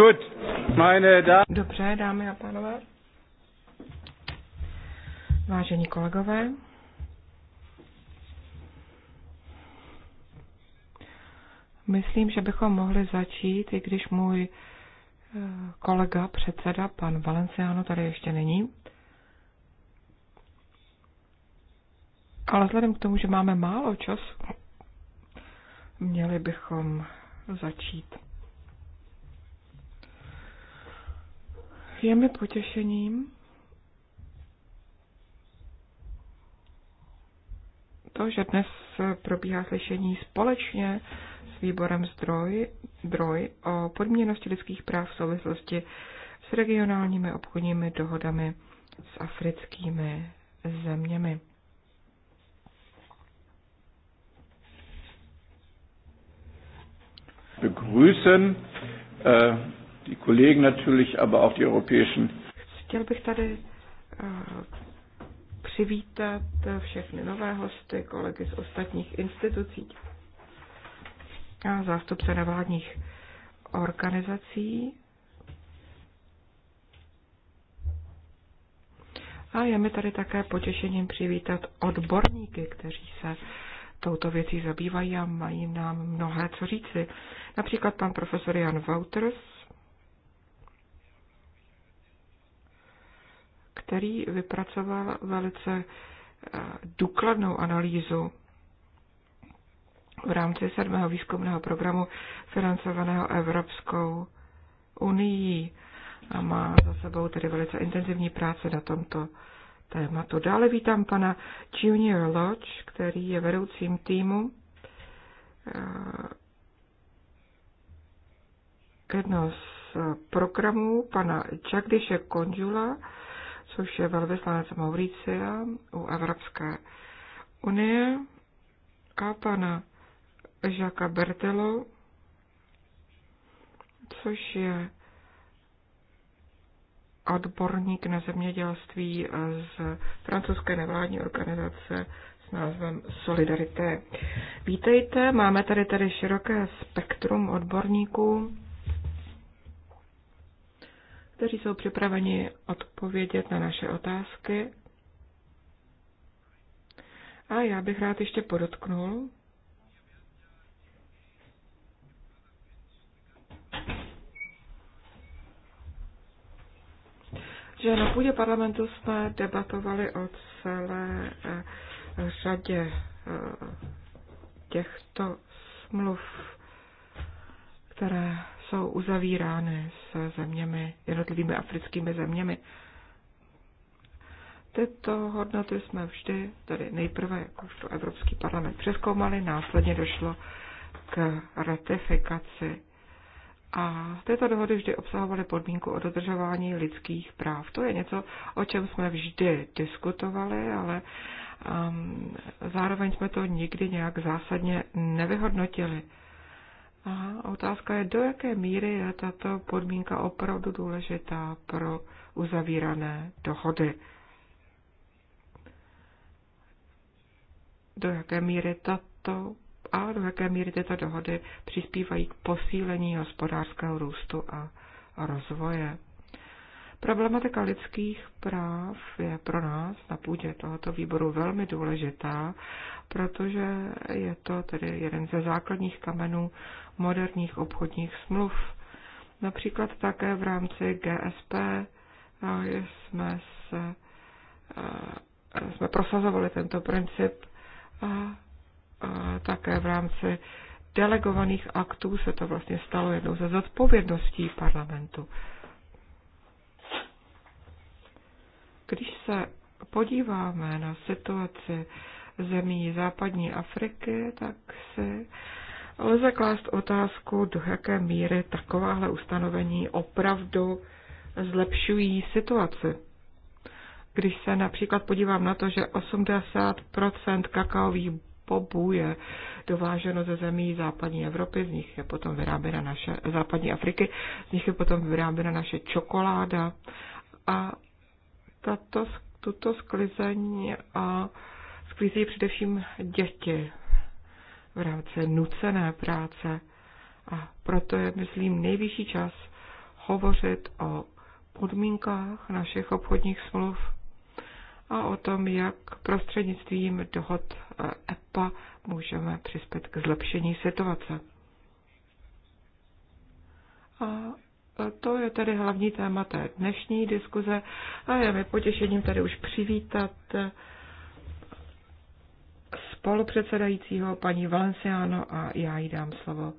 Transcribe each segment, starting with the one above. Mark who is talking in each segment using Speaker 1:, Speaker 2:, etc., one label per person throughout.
Speaker 1: Gut, meine Dobře,
Speaker 2: dámy a pánové. Vážení kolegové. Myslím, že bychom mohli začít, i když můj eh, kolega, předseda, pan Valenciano, tady ještě není. Ale vzhledem k tomu, že máme málo času, měli bychom začít. Je mi potěšením to, že dnes probíhá slyšení společně s výborem zdroj, droj o podmíněnosti lidských práv v souvislosti s regionálními obchodními dohodami s africkými zeměmi.
Speaker 1: Begrüßen
Speaker 2: äh, die Kollegen natürlich, aber auch die europäischen. Chtěl bych tady eh, přivítat eh, všechny nové hosty, kolegy z ostatních institucí a zástupce nevládních organizací. A je mi tady také potěšením přivítat odborníky, kteří se touto věcí zabývají a mají nám mnohé co říci. Například pan profesor Jan Wouters, který vypracoval velice eh, důkladnou analýzu v rámci sedmého výzkumného programu financovaného Evropskou unii a má za sebou tedy velice intenzivní práce na tomto tématu. Dále vítám pana Junior Lodge, který je vedoucím týmu eh, jednoho z eh, programů pana Jagdishe Konžula, což je velvyslanec Mauricia u Evropské unie, a pana Žaka Bertelo, což je odborník na zemědělství z francouzské nevládní organizace s názvem Solidarité. Vítejte, máme tady tady široké spektrum odborníků kteří jsou připraveni odpovědět na naše otázky. A já bych rád ještě podotknul, že na půdě parlamentu jsme debatovali o celé eh, řadě eh, těchto smluv, které jsou uzavírány s zeměmi, jednotlivými africkými zeměmi. Tyto hodnoty jsme vždy, tedy nejprve jakožto Evropský parlament přeskoumali, následně došlo k ratifikaci. A tyto dohody vždy obsahovaly podmínku o dodržování lidských práv. To je něco, o čem jsme vždy diskutovali, ale um, zároveň jsme to nikdy nějak zásadně nevyhodnotili. A otázka je, do jaké míry je tato podmínka opravdu důležitá pro uzavírané dohody. Do jaké míry tato a do jaké míry tyto dohody přispívají k posílení hospodářského růstu a rozvoje. Problematika lidských práv je pro nás na půdě tohoto výboru velmi důležitá, protože je to tedy jeden ze základních kamenů moderních obchodních smluv. Například také v rámci GSP eh, jsme, se, eh, jsme prosazovali tento princip a také v rámci delegovaných aktů se to vlastně stalo jednou ze zodpovědností parlamentu. Když se podíváme na situaci zemí západní Afriky, tak si lze klást otázku, do jaké míry takováhle ustanovení opravdu zlepšují situaci. Když se například podívám na to, že 80% kakaových bobů je dováženo ze zemí západní Evropy, z nich je potom vyráběna naše, západní Afriky, z nich je potom vyráběna naše čokoláda a tato, tuto sklizeň a sklízí především děti v rámci nucené práce. A proto je, myslím, nejvyšší čas hovořit o podmínkách našich obchodních smluv a o tom, jak prostřednictvím dohod eh, EPA můžeme přispět k zlepšení situace. A eh, to je tedy hlavní téma té dnešní diskuze a já mi potěšením tady už přivítat eh, spolupředsedajícího paní Valenciano a já jí dám slovo.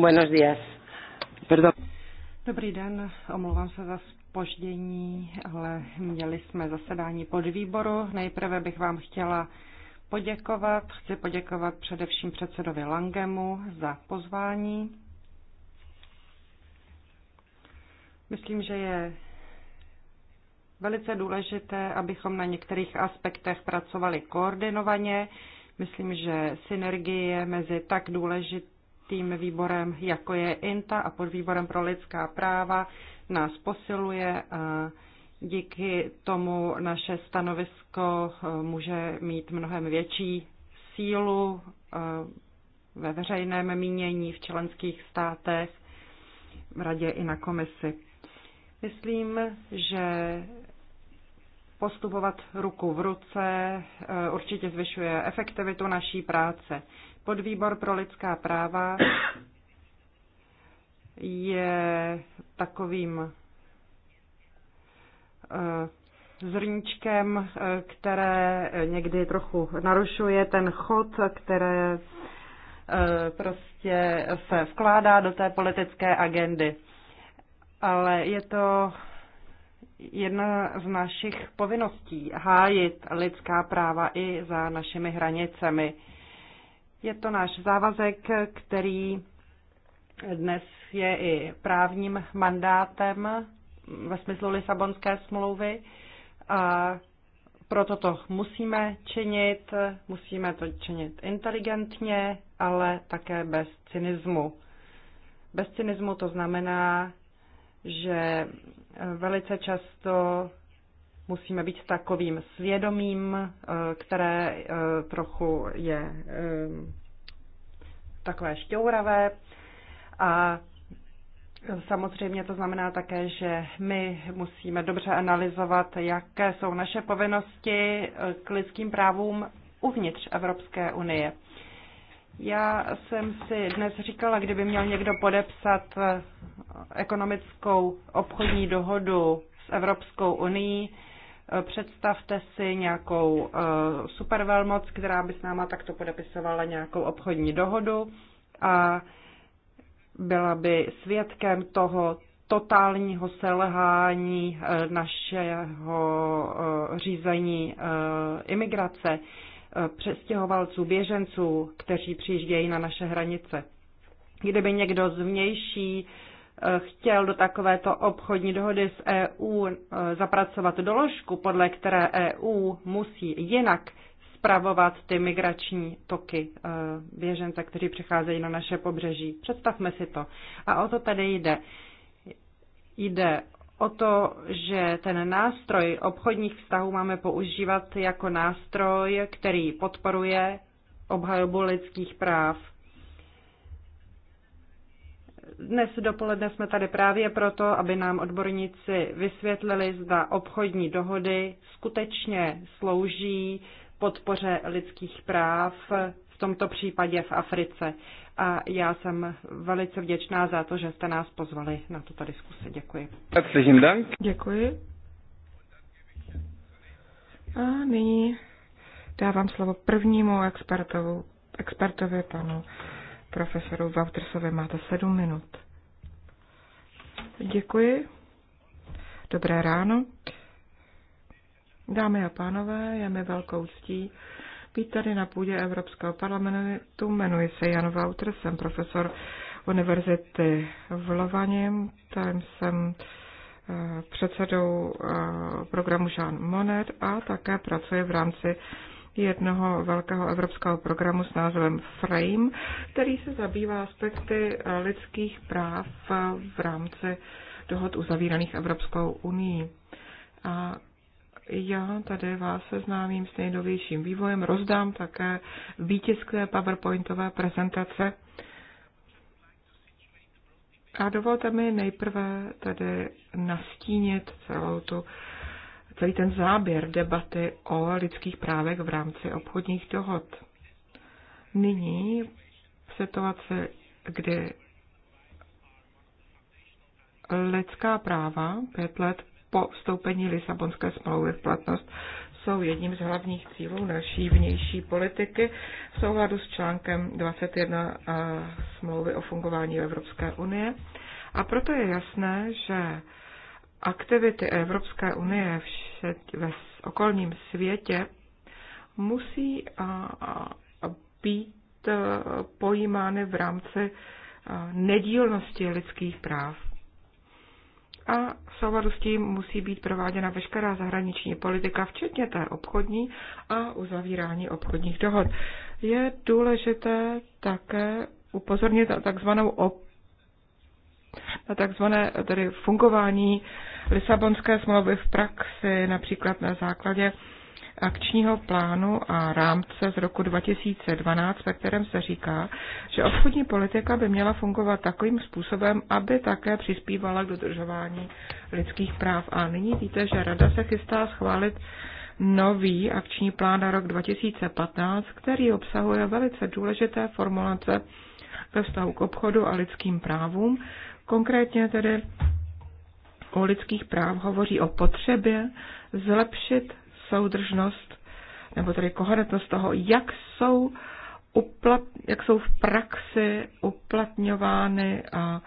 Speaker 1: Buenos días. Perdón.
Speaker 3: Dobrý den, omlouvám se za spoždění, ale měli jsme zasedání pod výboru. Nejprve bych vám chtěla poděkovat. Chci poděkovat především předsedovi Langemu za pozvání Myslím, že je velice důležité, abychom na některých aspektech pracovali koordinovaně. Myslím, že synergie mezi tak důležitým výborem, jako je INTA a podvýborem pro lidská práva, nás posiluje a díky tomu naše stanovisko e, může mít mnohem větší sílu e, ve veřejném mínění v členských státech, v radě i na komisi. Myslím, že postupovat ruku v ruce eh, určitě zvyšuje efektivitu naší práce. Podvýbor pro lidská práva je takovým eh, zrníčkem, eh, které někdy trochu narušuje ten chod, které prostě se vkládá do té politické agendy ale je to jedna z našich povinností hájit lidská práva i za našimi hranicemi. Je to náš závazek, který dnes je i právním mandátem ve smyslu Lisabonské smlouvy a proto to musíme činit, musíme to činit inteligentně, ale také bez cynismu. Bez cynismu to znamená že eh, velice často musíme být takovým svědomím, eh, které eh, trochu je takové šťouravé. A samozřejmě to znamená také, že my musíme dobře analyzovat, jaké jsou naše povinnosti k lidským právům uvnitř Evropské unie. Já jsem si dnes říkala, kdyby měl někdo podepsat eh, ekonomickou obchodní dohodu s Evropskou unii, eh, představte si nějakou eh, supervelmoc, která by s náma takto podepisovala nějakou obchodní dohodu a byla by svědkem toho totálního selhání našeho řízení imigrace. Eh, přestěhovalců, běženců, kteří přijíždějí na naše hranice. Kdyby někdo zvnější eh, chtěl do takovéto obchodní dohody s EU eh, zapracovat doložku, podle které EU musí jinak spravovat ty migrační toky běžence, kteří přicházejí na naše pobřeží. Představme si to. A o to tady jde. Jde o to, že ten nástroj obchodních vztahů máme používat jako nástroj, který podporuje obhajobu lidských práv. Dnes dopoledne jsme tady právě proto, aby nám odborníci vysvětlili, zda obchodní dohody skutečně slouží podpoře lidských práv tomto případě v Africe. A já jsem velice vděčná za to, že jste nás pozvali na tuto diskusi. Děkuji. Děkuji.
Speaker 2: A nyní dávám slovo prvnímu expertovu, expertovi, panu profesoru Vautersovi. Máte sedm minut. Děkuji. Dobré ráno. Dámy a pánové, je mi velkou ctí, být tady na půdě Evropského parlamentu. Jmenuji se Jan Wouter, jsem profesor univerzity v Lovaně, tam jsem eh, předsedou eh, programu Jean Monnet a také pracuji v rámci jednoho velkého evropského programu s názvem FRAME, který se zabývá aspekty eh, lidských práv v rámci dohod uzavíraných Evropskou unii. A já tady vás seznámím s nejnovějším vývojem, rozdám také výtisk PowerPointové prezentace. A dovolte mi nejprve tady nastínit celou tu, celý ten záběr debaty o lidských právech v rámci obchodních dohod. Nyní v situaci, kdy lidská práva pět let po vstoupení Lisabonské smlouvy v platnost jsou jedním z hlavních cílů naší vnější politiky v souladu s článkem 21 eh, smlouvy o fungování Evropské unie. A proto je jasné, že aktivity Evropské unie ve okolním světě musí eh, být eh, pojímány v rámci nedílnosti lidských práv a v souladu s tím musí být prováděna veškerá zahraniční politika, včetně té obchodní a uzavírání obchodních dohod. Je důležité také upozornit na takzvanou op- na takzvané tedy fungování Lisabonské smlouvy v praxi, například na základě akčního plánu a rámce z roku 2012, ve kterém se říká, že obchodní politika by měla fungovat takovým způsobem, aby také přispívala k dodržování lidských práv. A nyní víte, že Rada se chystá schválit nový akční plán na rok 2015, který obsahuje velice důležité formulace ve vztahu k obchodu a lidským právům. Konkrétně tedy o lidských práv hovoří o potřebě zlepšit soudržnost, nebo tedy koherentnost toho, jak jsou, uplat, jak jsou v praxi uplatňovány a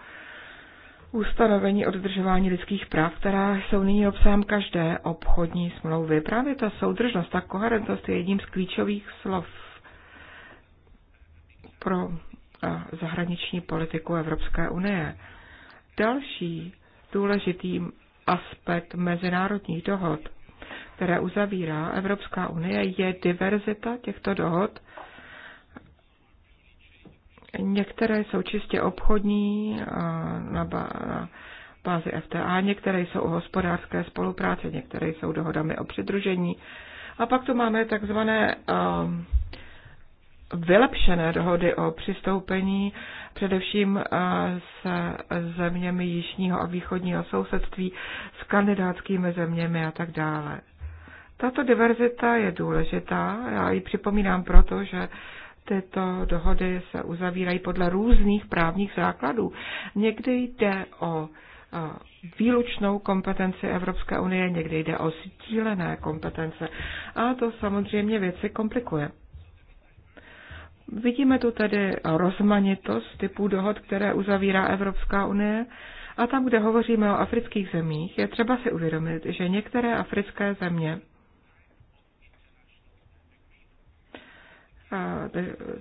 Speaker 2: ustanovení o dodržování lidských práv, která jsou nyní obsahem každé obchodní smlouvy. Právě ta soudržnost, ta koherentnost je jedním z klíčových slov pro zahraniční politiku Evropské unie. Další důležitý aspekt mezinárodních dohod které uzavírá Evropská unie, je diverzita těchto dohod. Některé jsou čistě obchodní na bázi FTA, některé jsou o hospodářské spolupráci, některé jsou dohodami o přidružení. A pak tu máme takzvané um, vylepšené dohody o přistoupení, především eh, se zeměmi jižního a východního sousedství, s kandidátskými zeměmi a tak dále. Tato diverzita je důležitá, já ji připomínám proto, že tyto dohody se uzavírají podle různých právních základů. Někdy jde o eh, výlučnou kompetenci Evropské unie, někdy jde o sdílené kompetence. A to samozřejmě věci komplikuje. Vidíme tu tedy rozmanitost typů dohod, které uzavírá Evropská unie. A tam, kde hovoříme o afrických zemích, je třeba si uvědomit, že některé africké země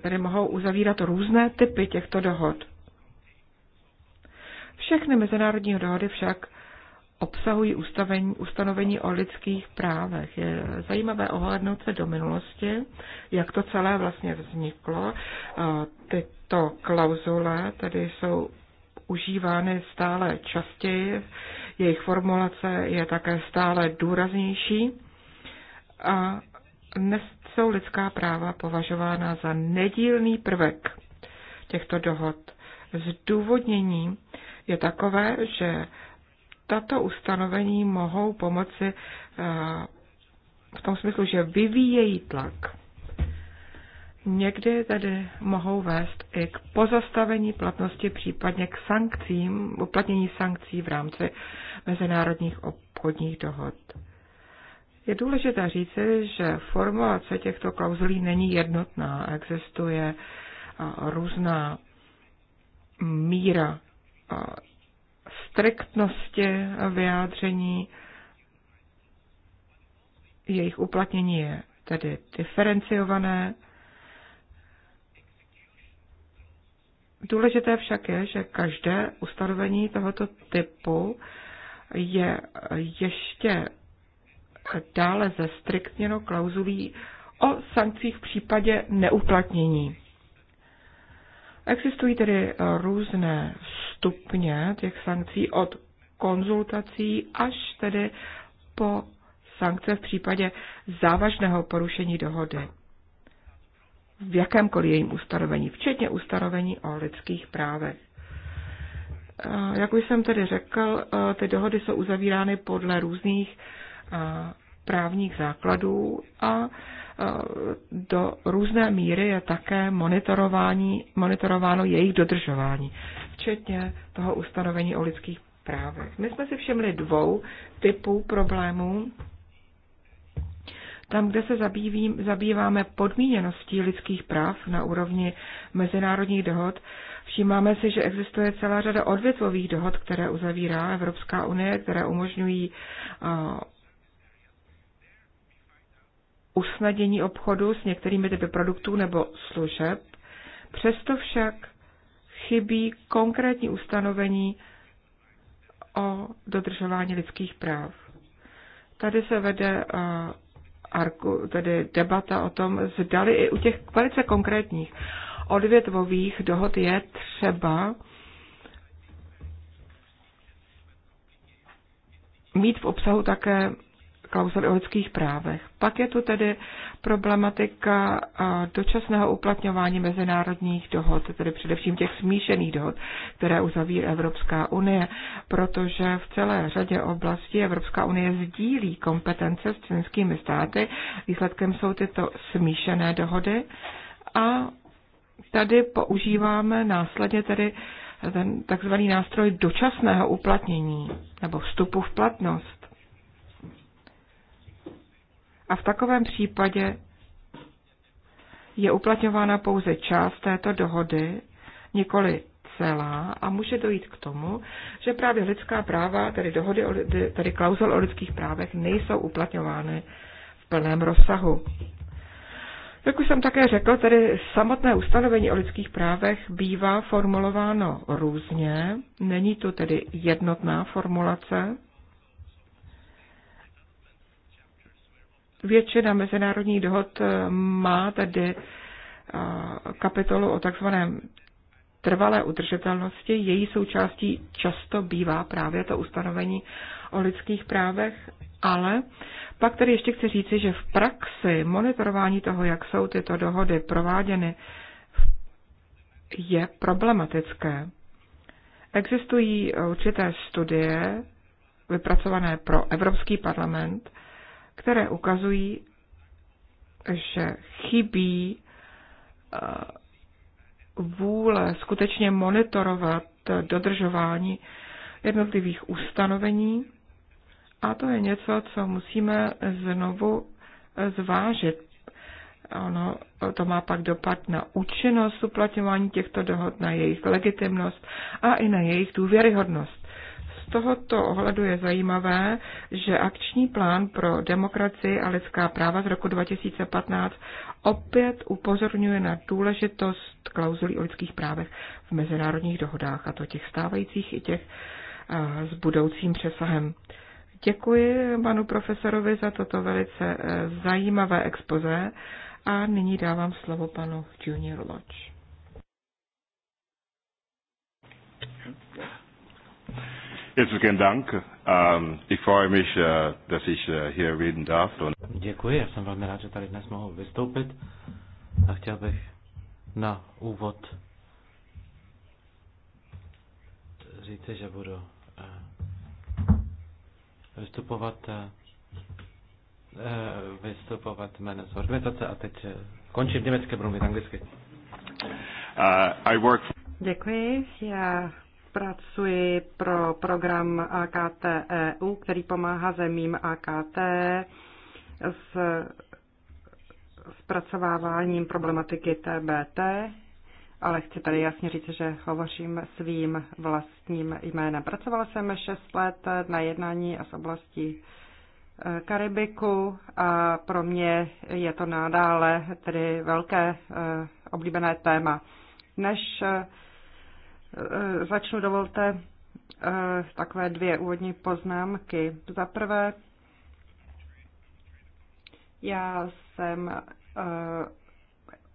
Speaker 2: tedy mohou uzavírat různé typy těchto dohod. Všechny mezinárodní dohody však obsahují ustavení, ustanovení o lidských právech. Je zajímavé ohlednout se do minulosti, jak to celé vlastně vzniklo. Tyto klauzule tedy jsou užívány stále častěji, jejich formulace je také stále důraznější a dnes jsou lidská práva považována za nedílný prvek těchto dohod. Zdůvodnění je takové, že tato ustanovení mohou pomoci eh, v tom smyslu, že vyvíjejí tlak. Někdy tedy mohou vést i k pozastavení platnosti, případně k sankcím, uplatnění sankcí v rámci mezinárodních obchodních dohod. Je důležité říci, že formulace těchto klauzulí není jednotná. Existuje eh, různá míra eh, striktnosti vyjádření jejich uplatnění je tedy diferenciované. Důležité však je, že každé ustanovení tohoto typu je ještě dále zestriktněno klauzulí o sankcích v případě neuplatnění. Existují tedy různé stupně těch sankcí od konzultací až tedy po sankce v případě závažného porušení dohody v jakémkoliv jejím ustanovení, včetně ustanovení o lidských právech. Eh, jak už jsem tedy řekl, eh, ty dohody jsou uzavírány podle různých eh, právních základů a e, do různé míry je také monitorování, monitorováno jejich dodržování, včetně toho ustanovení o lidských právech. My jsme si všimli dvou typů problémů. Tam, kde se zabývím, zabýváme podmíněností lidských práv na úrovni mezinárodních dohod, všímáme si, že existuje celá řada odvětvových dohod, které uzavírá Evropská unie, které umožňují usnadnění obchodu s některými typy produktů nebo služeb, přesto však chybí konkrétní ustanovení o dodržování lidských práv. Tady se vede eh, tedy debata o tom, zdali i u těch velice konkrétních odvětvových dohod je třeba mít v obsahu také klauzuly o lidských právech. Pak je tu tedy problematika dočasného uplatňování mezinárodních dohod, tedy především těch smíšených dohod, které uzaví Evropská unie, protože v celé řadě oblastí Evropská unie sdílí kompetence s členskými státy. Výsledkem jsou tyto smíšené dohody a tady používáme následně tedy ten takzvaný nástroj dočasného uplatnění nebo vstupu v platnost a v takovém případě je uplatňována pouze část této dohody, nikoli celá a může dojít k tomu, že právě lidská práva, tedy, dohody, tedy klauzul o lidských právech, nejsou uplatňovány v plném rozsahu. Jak už jsem také řekl, tedy samotné ustanovení o lidských právech bývá formulováno různě, není to tedy jednotná formulace, Většina mezinárodních dohod eh, má tady eh, kapitolu o takzvaném trvalé udržitelnosti. Její součástí často bývá právě to ustanovení o lidských právech, ale pak tady ještě chci říci, že v praxi monitorování toho, jak jsou tyto dohody prováděny, je problematické. Existují určité studie vypracované pro Evropský parlament, které ukazují, že chybí eh, vůle skutečně monitorovat dodržování jednotlivých ustanovení. A to je něco, co musíme znovu eh, zvážit. Ono eh, to má pak dopad na účinnost uplatňování těchto dohod, na jejich legitimnost a i na jejich důvěryhodnost tohoto ohledu je zajímavé, že akční plán pro demokracii a lidská práva z roku 2015 opět upozorňuje na důležitost klauzulí o lidských právech v mezinárodních dohodách, a to těch stávajících i těch s budoucím přesahem. Děkuji panu profesorovi za toto velice e, zajímavé expoze a nyní dávám slovo panu Junior Lodge.
Speaker 1: Herzlichen Dank. Ähm, ich freue mich, äh, dass ich äh, hier reden darf. Děkuji, já jsem velmi rád, že tady dnes mohu vystoupit a chtěl bych na úvod říct, že budu eh, vystupovat eh, eh, vystupovat jménem z organizace a teď končím německé, budu mít anglicky. Uh, I work...
Speaker 2: Děkuji, já
Speaker 3: pracuji pro program AKT EU, který pomáhá zemím AKT s zpracováváním problematiky TBT, ale chci tady jasně říct, že hovořím svým vlastním jménem. Pracovala jsem 6 let na jednání a z oblasti eh, Karibiku a pro mě je to nadále tedy velké eh, oblíbené téma. Než eh, Eh, začnu, dovolte, eh, takové dvě úvodní poznámky. Za prvé, já jsem eh,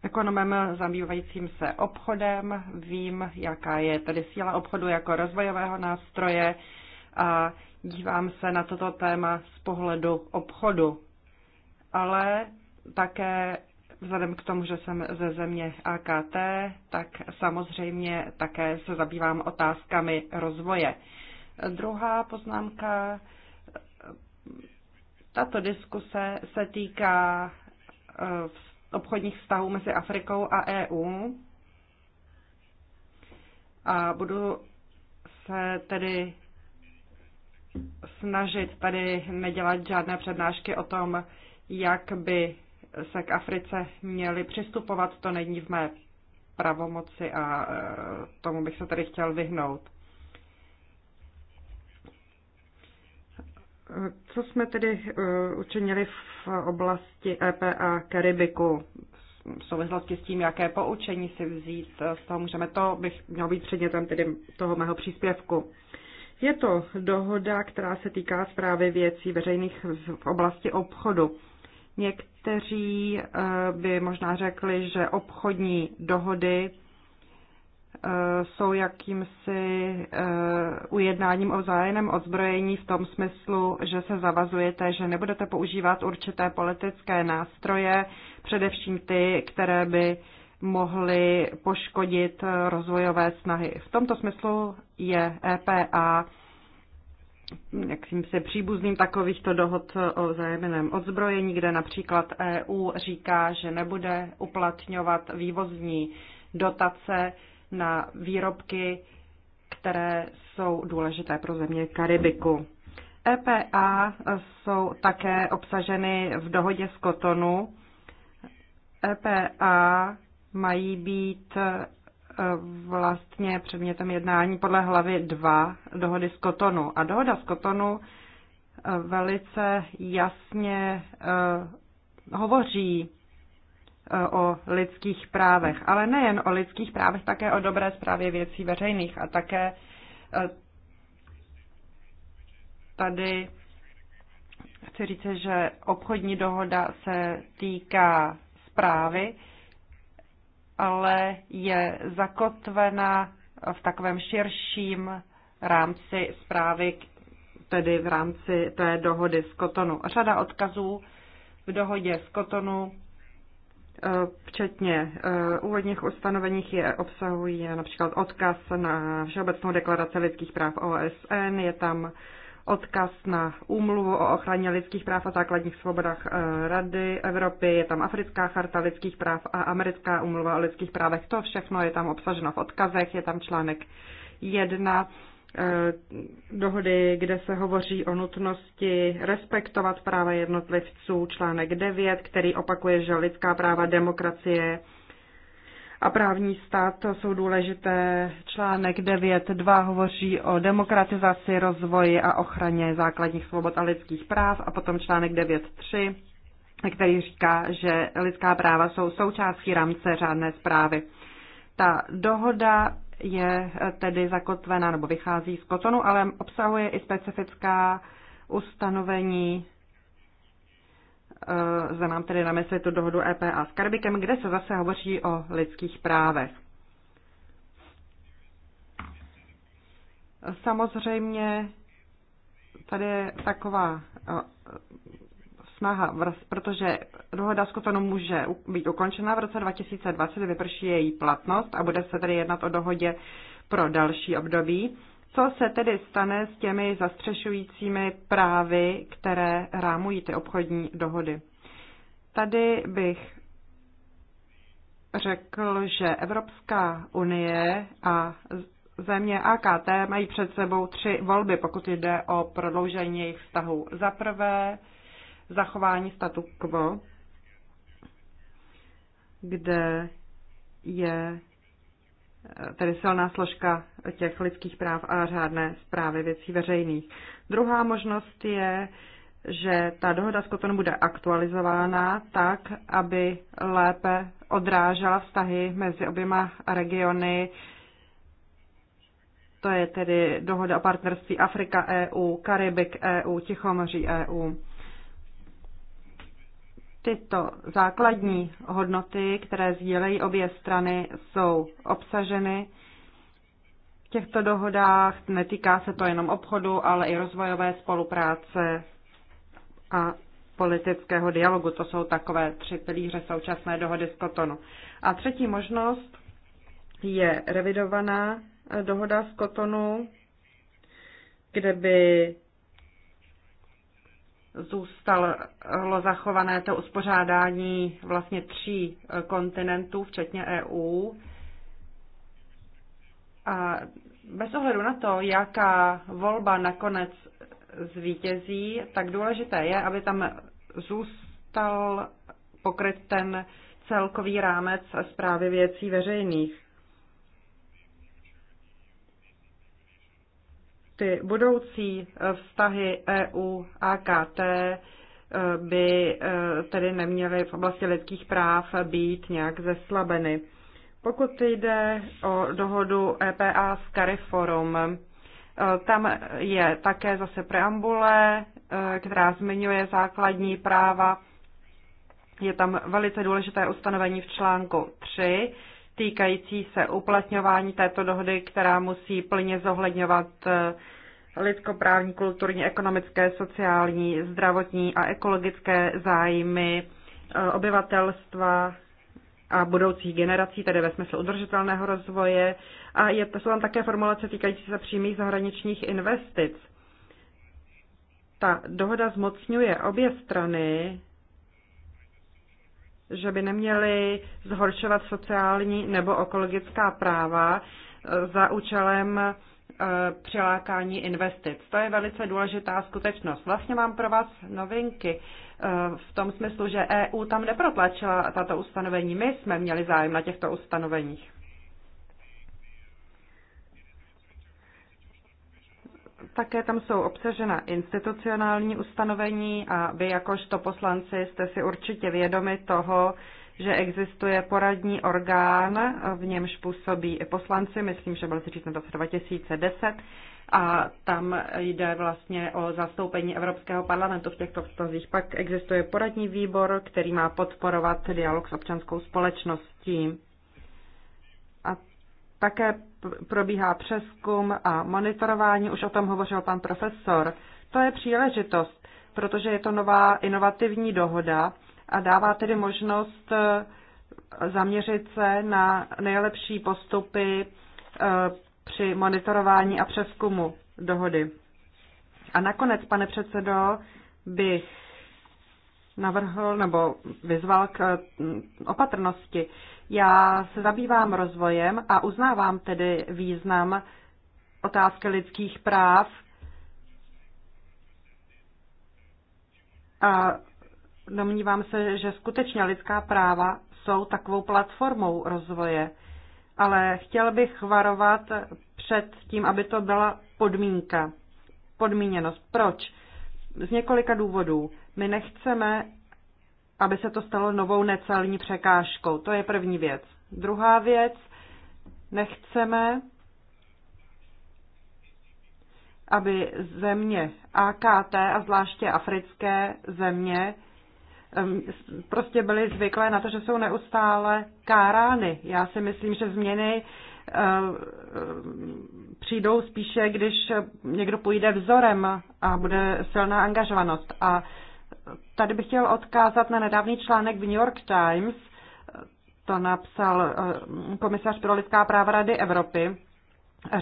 Speaker 3: ekonomem zabývajícím se obchodem, vím, jaká je tedy síla obchodu jako rozvojového nástroje a dívám se na toto téma z pohledu obchodu. Ale také Vzhledem k tomu, že jsem ze země AKT, tak samozřejmě také se zabývám otázkami rozvoje. Druhá poznámka. Tato diskuse se týká eh, obchodních vztahů mezi Afrikou a EU. A budu se tedy snažit tady nedělat žádné přednášky o tom, jak by se k Africe měli přistupovat, to není v mé pravomoci a e, tomu bych se tady chtěl vyhnout. Co jsme tedy e, učinili v oblasti EPA Karibiku v souvislosti s tím, jaké poučení si vzít z toho můžeme, to bych mělo být předmětem tedy toho mého příspěvku. Je to dohoda, která se týká zprávy věcí veřejných v oblasti obchodu. Někteří eh, by možná řekli, že obchodní dohody eh, jsou jakýmsi eh, ujednáním o vzájemném odzbrojení v tom smyslu, že se zavazujete, že nebudete používat určité politické nástroje, především ty, které by mohly poškodit rozvojové snahy. V tomto smyslu je EPA jakým se příbuzným takovýchto dohod o vzájemném odzbrojení, kde například EU říká, že nebude uplatňovat vývozní dotace na výrobky, které jsou důležité pro země Karibiku. EPA jsou také obsaženy v dohodě z Kotonu. EPA mají být vlastně předmětem jednání podle hlavy 2 dohody z Kotonu. A dohoda z Kotonu eh, velice jasně eh, hovoří eh, o lidských právech, ale nejen o lidských právech, také o dobré zprávě věcí veřejných a také tady chci říct, že obchodní dohoda se týká zprávy ale je zakotvena v takovém širším rámci zprávy, tedy v rámci té dohody z Kotonu. Řada odkazů v dohodě z Kotonu, e, včetně e, úvodních ustanoveních, je obsahují například odkaz na Všeobecnou deklaraci lidských práv OSN, je tam odkaz na úmluvu o ochraně lidských práv a základních svobodách eh, Rady Evropy, je tam Africká charta lidských práv a Americká úmluva o lidských právech. To všechno je tam obsaženo v odkazech, je tam článek 1 eh, dohody, kde se hovoří o nutnosti respektovat práva jednotlivců, článek 9, který opakuje, že lidská práva, demokracie, a právní stát jsou důležité. Článek 9.2 hovoří o demokratizaci, rozvoji a ochraně základních svobod a lidských práv a potom článek 9.3 který říká, že lidská práva jsou součástí rámce řádné zprávy. Ta dohoda je tedy zakotvena nebo vychází z kotonu, ale obsahuje i specifická ustanovení Eh, za nám tedy na mysli tu dohodu EPA s Karbikem, kde se zase hovoří o lidských právech. Samozřejmě tady je taková eh, snaha, protože dohoda s Kotonu může být ukončena v roce 2020, vyprší její platnost a bude se tedy jednat o dohodě pro další období. Co se tedy stane s těmi zastřešujícími právy, které rámují ty obchodní dohody? Tady bych řekl, že Evropská unie a země AKT mají před sebou tři volby, pokud jde o prodloužení jejich vztahů. Za prvé zachování statu quo, kde je tedy silná složka těch lidských práv a řádné zprávy věcí veřejných. Druhá možnost je, že ta dohoda s Kotonu bude aktualizována tak, aby lépe odrážela vztahy mezi oběma regiony. To je tedy dohoda o partnerství Afrika EU, Karibik EU, Tichomoří EU. Tyto základní hodnoty, které sdílejí obě strany, jsou obsaženy v těchto dohodách. Netýká se to jenom obchodu, ale i rozvojové spolupráce a politického dialogu. To jsou takové tři pilíře současné dohody z Kotonu. A třetí možnost je revidovaná dohoda z Kotonu, kde by zůstalo zachované to uspořádání vlastně tří eh, kontinentů, včetně EU. A bez ohledu na to, jaká volba nakonec zvítězí, tak důležité je, aby tam zůstal pokryt ten celkový rámec zprávy věcí veřejných. ty budoucí eh, vztahy EU-AKT eh, by eh, tedy neměly v oblasti lidských práv být nějak zeslabeny. Pokud jde o dohodu EPA s CARIFORUM, tam je také zase preambule, která zmiňuje základní práva. Je tam velice důležité ustanovení v článku 3, týkající se uplatňování této dohody, která musí plně zohledňovat eh, lidskoprávní, kulturní, ekonomické, sociální, zdravotní a ekologické zájmy eh, obyvatelstva a budoucích generací, tedy ve smyslu udržitelného rozvoje. A je, to jsou tam také formulace týkající se přímých zahraničních investic. Ta dohoda zmocňuje obě strany, že by neměli zhoršovat sociální nebo ekologická práva e, za účelem e, přilákání investic. To je velice důležitá skutečnost. Vlastně mám pro vás novinky e, v tom smyslu, že EU tam neprotlačila tato ustanovení. My jsme měli zájem na těchto ustanoveních. také tam jsou obsažena institucionální ustanovení a vy jakožto poslanci jste si určitě vědomi toho, že existuje poradní orgán, v němž působí i poslanci, myslím, že byl zřízen v roce 2010, a tam jde vlastně o zastoupení Evropského parlamentu v těchto vztazích. Pak existuje poradní výbor, který má podporovat dialog s občanskou společností. Také probíhá přeskum a monitorování, už o tom hovořil pan profesor. To je příležitost, protože je to nová inovativní dohoda a dává tedy možnost eh, zaměřit se na nejlepší postupy eh, při monitorování a přeskumu dohody. A nakonec, pane předsedo, bych navrhl nebo vyzval k eh, opatrnosti. Já se zabývám rozvojem a uznávám tedy význam otázky lidských práv a domnívám se, že skutečně lidská práva jsou takovou platformou rozvoje. Ale chtěl bych varovat před tím, aby to byla podmínka. Podmíněnost. Proč? Z několika důvodů. My nechceme aby se to stalo novou necelní překážkou. To je první věc. Druhá věc, nechceme, aby země AKT a zvláště africké země prostě byly zvyklé na to, že jsou neustále kárány. Já si myslím, že změny eh, přijdou spíše, když někdo půjde vzorem a bude silná angažovanost. A tady bych chtěl odkázat na nedávný článek v New York Times, to napsal eh, komisař pro lidská práva Rady Evropy.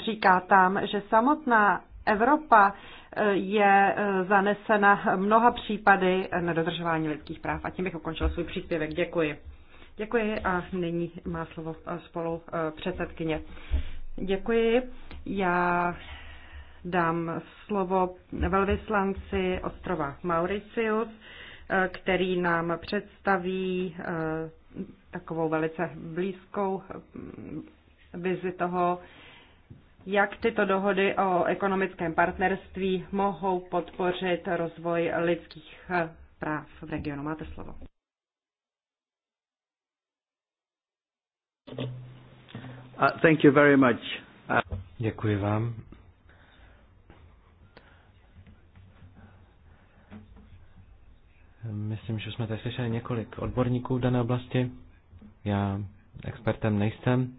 Speaker 3: Říká tam, že samotná Evropa eh, je eh, zanesena mnoha případy nedodržování lidských práv. A tím bych ukončil svůj příspěvek. Děkuji. Děkuji a nyní má slovo spolu předsedkyně. Děkuji. Já dám slovo velvyslanci ostrova Mauricius, eh, který nám představí eh, takovou velice blízkou hm, vizi toho, jak tyto dohody o ekonomickém partnerství mohou podpořit rozvoj lidských eh, práv v regionu. Máte slovo.
Speaker 1: Uh, thank you very much. Uh... Děkuji vám. Myslím, že jsme tady slyšeli několik odborníků v dané oblasti. Já expertem nejsem,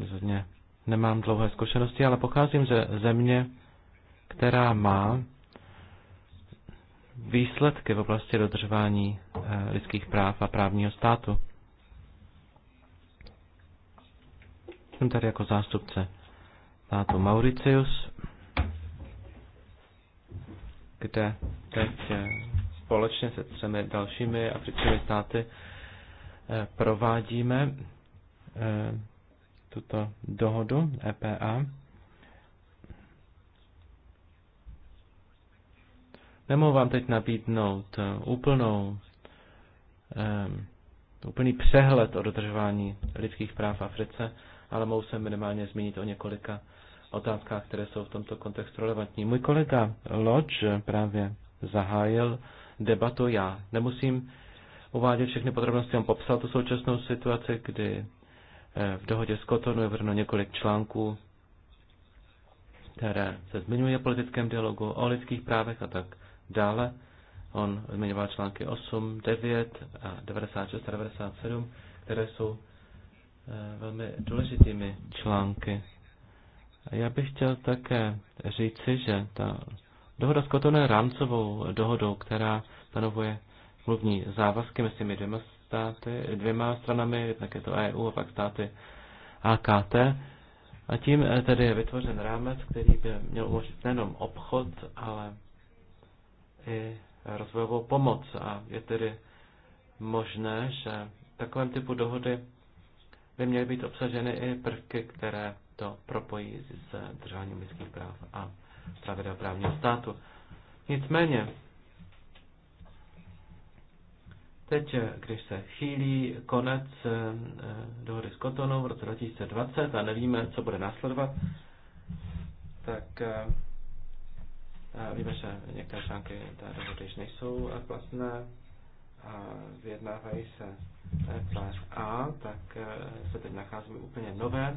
Speaker 1: rozhodně nemám dlouhé zkušenosti, ale pocházím ze země, která má výsledky v oblasti dodržování eh, lidských práv a právního státu. Jsem tady jako zástupce státu Mauricius, kde teď eh, společně se třemi dalšími třemi státy eh, provádíme eh, tuto dohodu EPA. Nemohu vám teď nabídnout eh, úplnou, úplný přehled o dodržování lidských práv v Africe, ale mohu se minimálně zmínit o několika otázkách, které jsou v tomto kontextu relevantní. Můj kolega Lodge právě zahájil debatu. Já nemusím uvádět všechny podrobnosti, on popsal tu současnou situaci, kdy eh, v dohodě s Kotonu je vrno několik článků, které se zmiňuje o politickém dialogu, o lidských právech a tak dále. On zmiňoval články 8, 9 a 96 a 97, které jsou eh, velmi důležitými články. Já bych chtěl také říci, že ta Dohoda s Kotonou je rámcovou dohodou, která stanovuje mluvní závazky mezi těmi dvěma, státy, dvěma stranami, tak je to EU a pak státy AKT. A tím eh, tedy je vytvořen rámec, který by měl umožnit nejenom obchod, ale i rozvojovou pomoc. A je tedy možné, že v takovém typu dohody by měly být obsaženy i prvky, které to propojí s eh, držáním lidských práv a pravidel právního státu. Nicméně, teď, eh, když se chýlí konec eh, eh, dohody s Kotonou v roce 2020 a nevíme, co bude následovat, tak víme, že některé články té dohody již nejsou platné a vyjednávají se plán A, tak se teď nacházíme úplně nové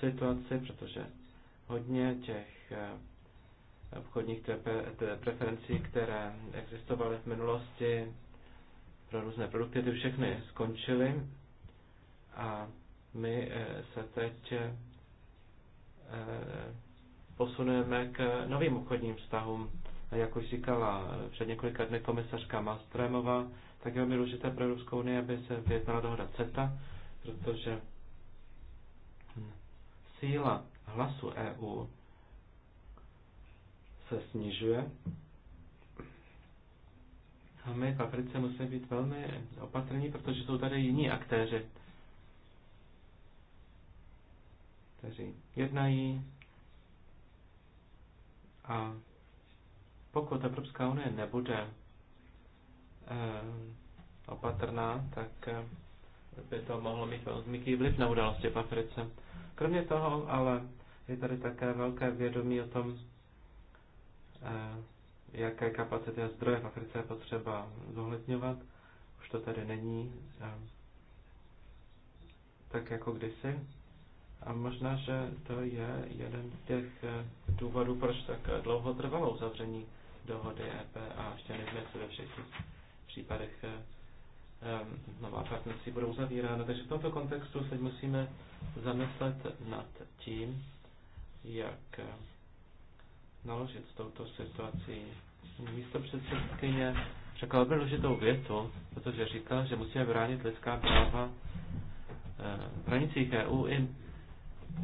Speaker 1: situaci, protože hodně těch obchodních preferencí, které existovaly v minulosti pro různé produkty, ty všechny skončily a my eh, se teď eh, posuneme k novým obchodním vztahům. Jak už říkala před několika dny komisařka Mastremova, tak je velmi důležité pro Evropskou unii, aby se vyjednala dohoda CETA, protože síla hlasu EU se snižuje. A my v Africe musíme být velmi opatrní, protože jsou tady jiní aktéři, kteří jednají a pokud Evropská unie nebude eh, opatrná, tak eh, by to mohlo mít velmi vliv na události v Africe. Kromě toho ale je tady také velké vědomí o tom, Eh, jaké kapacity a zdroje v Africe je potřeba zohledňovat. Už to tady není eh, tak jako kdysi. A možná, že to je jeden z těch eh, důvodů, proč tak dlouho trvalo uzavření dohody EP a ještě nevíme, co ve všech případech nová partnerství budou uzavírána. Takže v tomto kontextu se musíme zamyslet nad tím, jak naložit s touto situací. Místo předsedkyně řekla velmi důležitou větu, protože říkala, že musíme bránit lidská práva eh, v hranicích EU i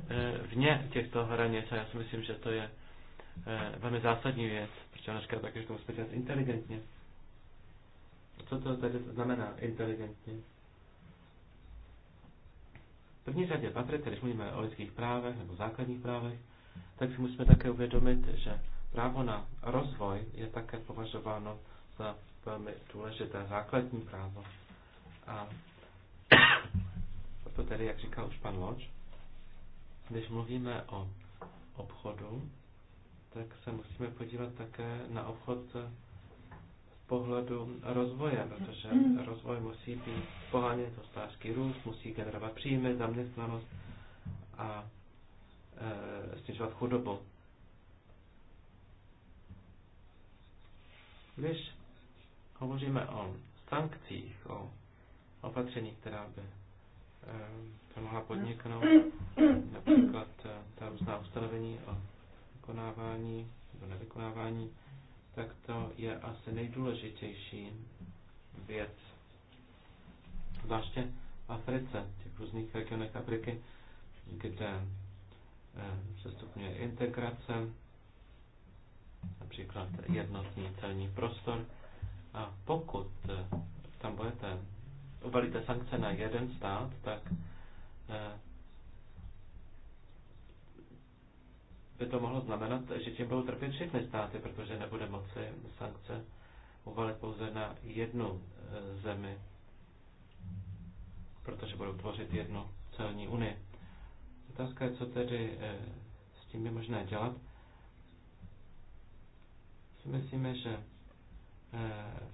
Speaker 1: eh, vně těchto hranic. A já si myslím, že to je eh, velmi zásadní věc, protože ona říká také, že to musíme dělat inteligentně. Co to tedy znamená inteligentně? V první řadě patří, když mluvíme o lidských právech nebo základních právech, tak si musíme také uvědomit, že právo na rozvoj je také považováno za velmi důležité základní právo. A to tedy, jak říkal už pan Loč, když mluvíme o obchodu, tak se musíme podívat také na obchod z pohledu rozvoje, protože mm. rozvoj musí být pohánět hospodářský růst, musí generovat příjmy, zaměstnanost a Eh, snižovat chudobu. Když hovoříme o sankcích, o opatření, která by se eh, mohla podniknout, například eh, ta různá ustanovení o vykonávání nebo nevykonávání, tak to je asi nejdůležitější věc. Zvláště v Africe, v těch různých regionech Afriky, kde se eh, stupňuje integrace, například jednotný celní prostor. A pokud eh, tam budete, uvalíte sankce na jeden stát, tak eh, by to mohlo znamenat, že tím budou trpět všechny státy, protože nebude moci sankce uvalit pouze na jednu zemi, protože budou tvořit jednu celní unii. Otázka je, co tedy eh, s tím je možné dělat. Si myslíme, že eh,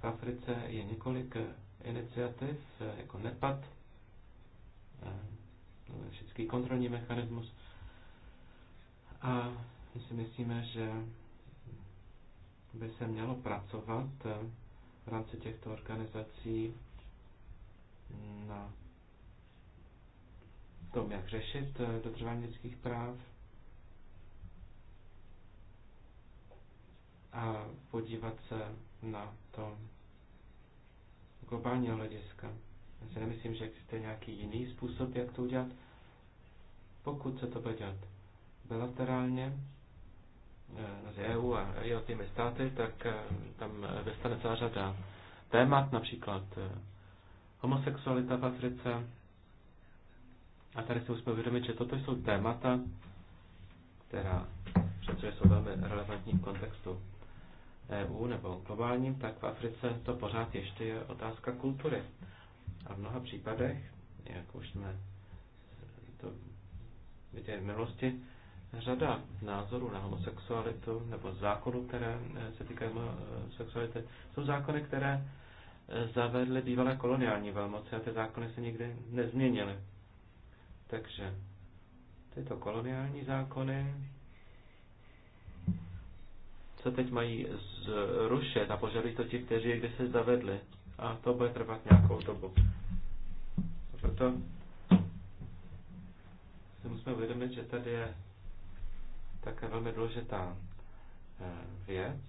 Speaker 1: v Africe je několik eh, iniciativ, jako NEPAD, všechny kontrolní mechanismus. A my si myslíme, že by se mělo pracovat v rámci těchto organizací na tom, jak řešit eh, dodržování lidských práv. A podívat se na to globálního hlediska. Já si nemyslím, že existuje nějaký jiný způsob, jak to udělat. Pokud se to bude dělat bilaterálně, eh, mezi EU a jednotlivými státy, tak eh, tam vystane celá řada témat, například homosexualita v Africe, a tady si musíme uvědomit, že toto jsou témata, která přece jsou velmi relevantní v kontextu EU nebo globálním, tak v Africe to pořád ještě je otázka kultury. A v mnoha případech, jak už jsme to viděli v minulosti, řada názorů na homosexualitu nebo zákonů, které se týkají homosexuality, jsou zákony, které zavedly bývalé koloniální velmoci a ty zákony se nikdy nezměnily. Takže tyto koloniální zákony, co teď mají zrušit a požadují to ti, kteří je se zavedli. A to bude trvat nějakou dobu. Proto si musíme uvědomit, že tady je také velmi důležitá eh, věc.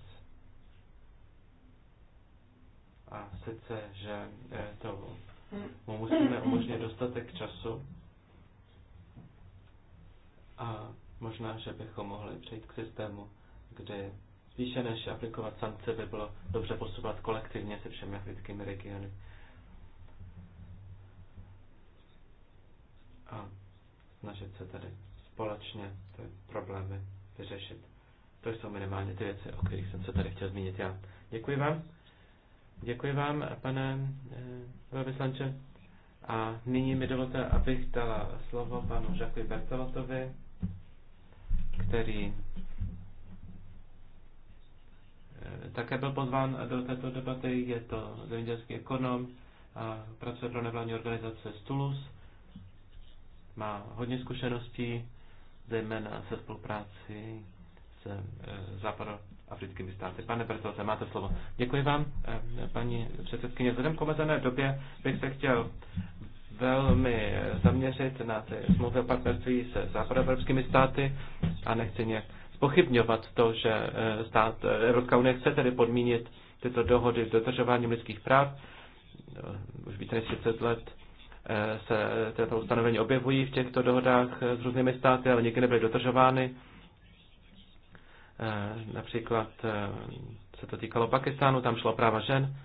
Speaker 1: A sice, že eh, to mu musíme umožnit dostatek času, a možná, že bychom mohli přejít k systému, kdy spíše než aplikovat sankce by bylo dobře postupovat kolektivně se všemi africkými regiony. A snažit se tady společně ty problémy vyřešit. To jsou minimálně ty věci, o kterých jsem se tady chtěl zmínit já. Děkuji vám. Děkuji vám, pane eh, velvyslanče. A nyní mi dovolte, abych dala slovo panu Žakovi Bertolotovi který eh, také byl pozván do této debaty. Je to zemědělský ekonom a pracuje pro nevládní organizace Stulus. Má hodně zkušeností, zejména se spolupráci s eh, západoafrickými státy. Pane Bertolce, máte slovo. Děkuji vám, eh, paní předsedkyně. Vzhledem k omezené době bych se chtěl velmi zaměřit na ty smlouvy o partnerství se západoevropskými státy a nechci nějak spochybňovat to, že eh, stát, eh, Evropská unie chce tedy podmínit tyto dohody s dodržováním lidských práv. Eh, už více než 30 let se tyto ustanovení objevují v těchto dohodách s různými státy, ale nikdy nebyly dodržovány. Například se to týkalo Pakistánu, tam šlo práva žen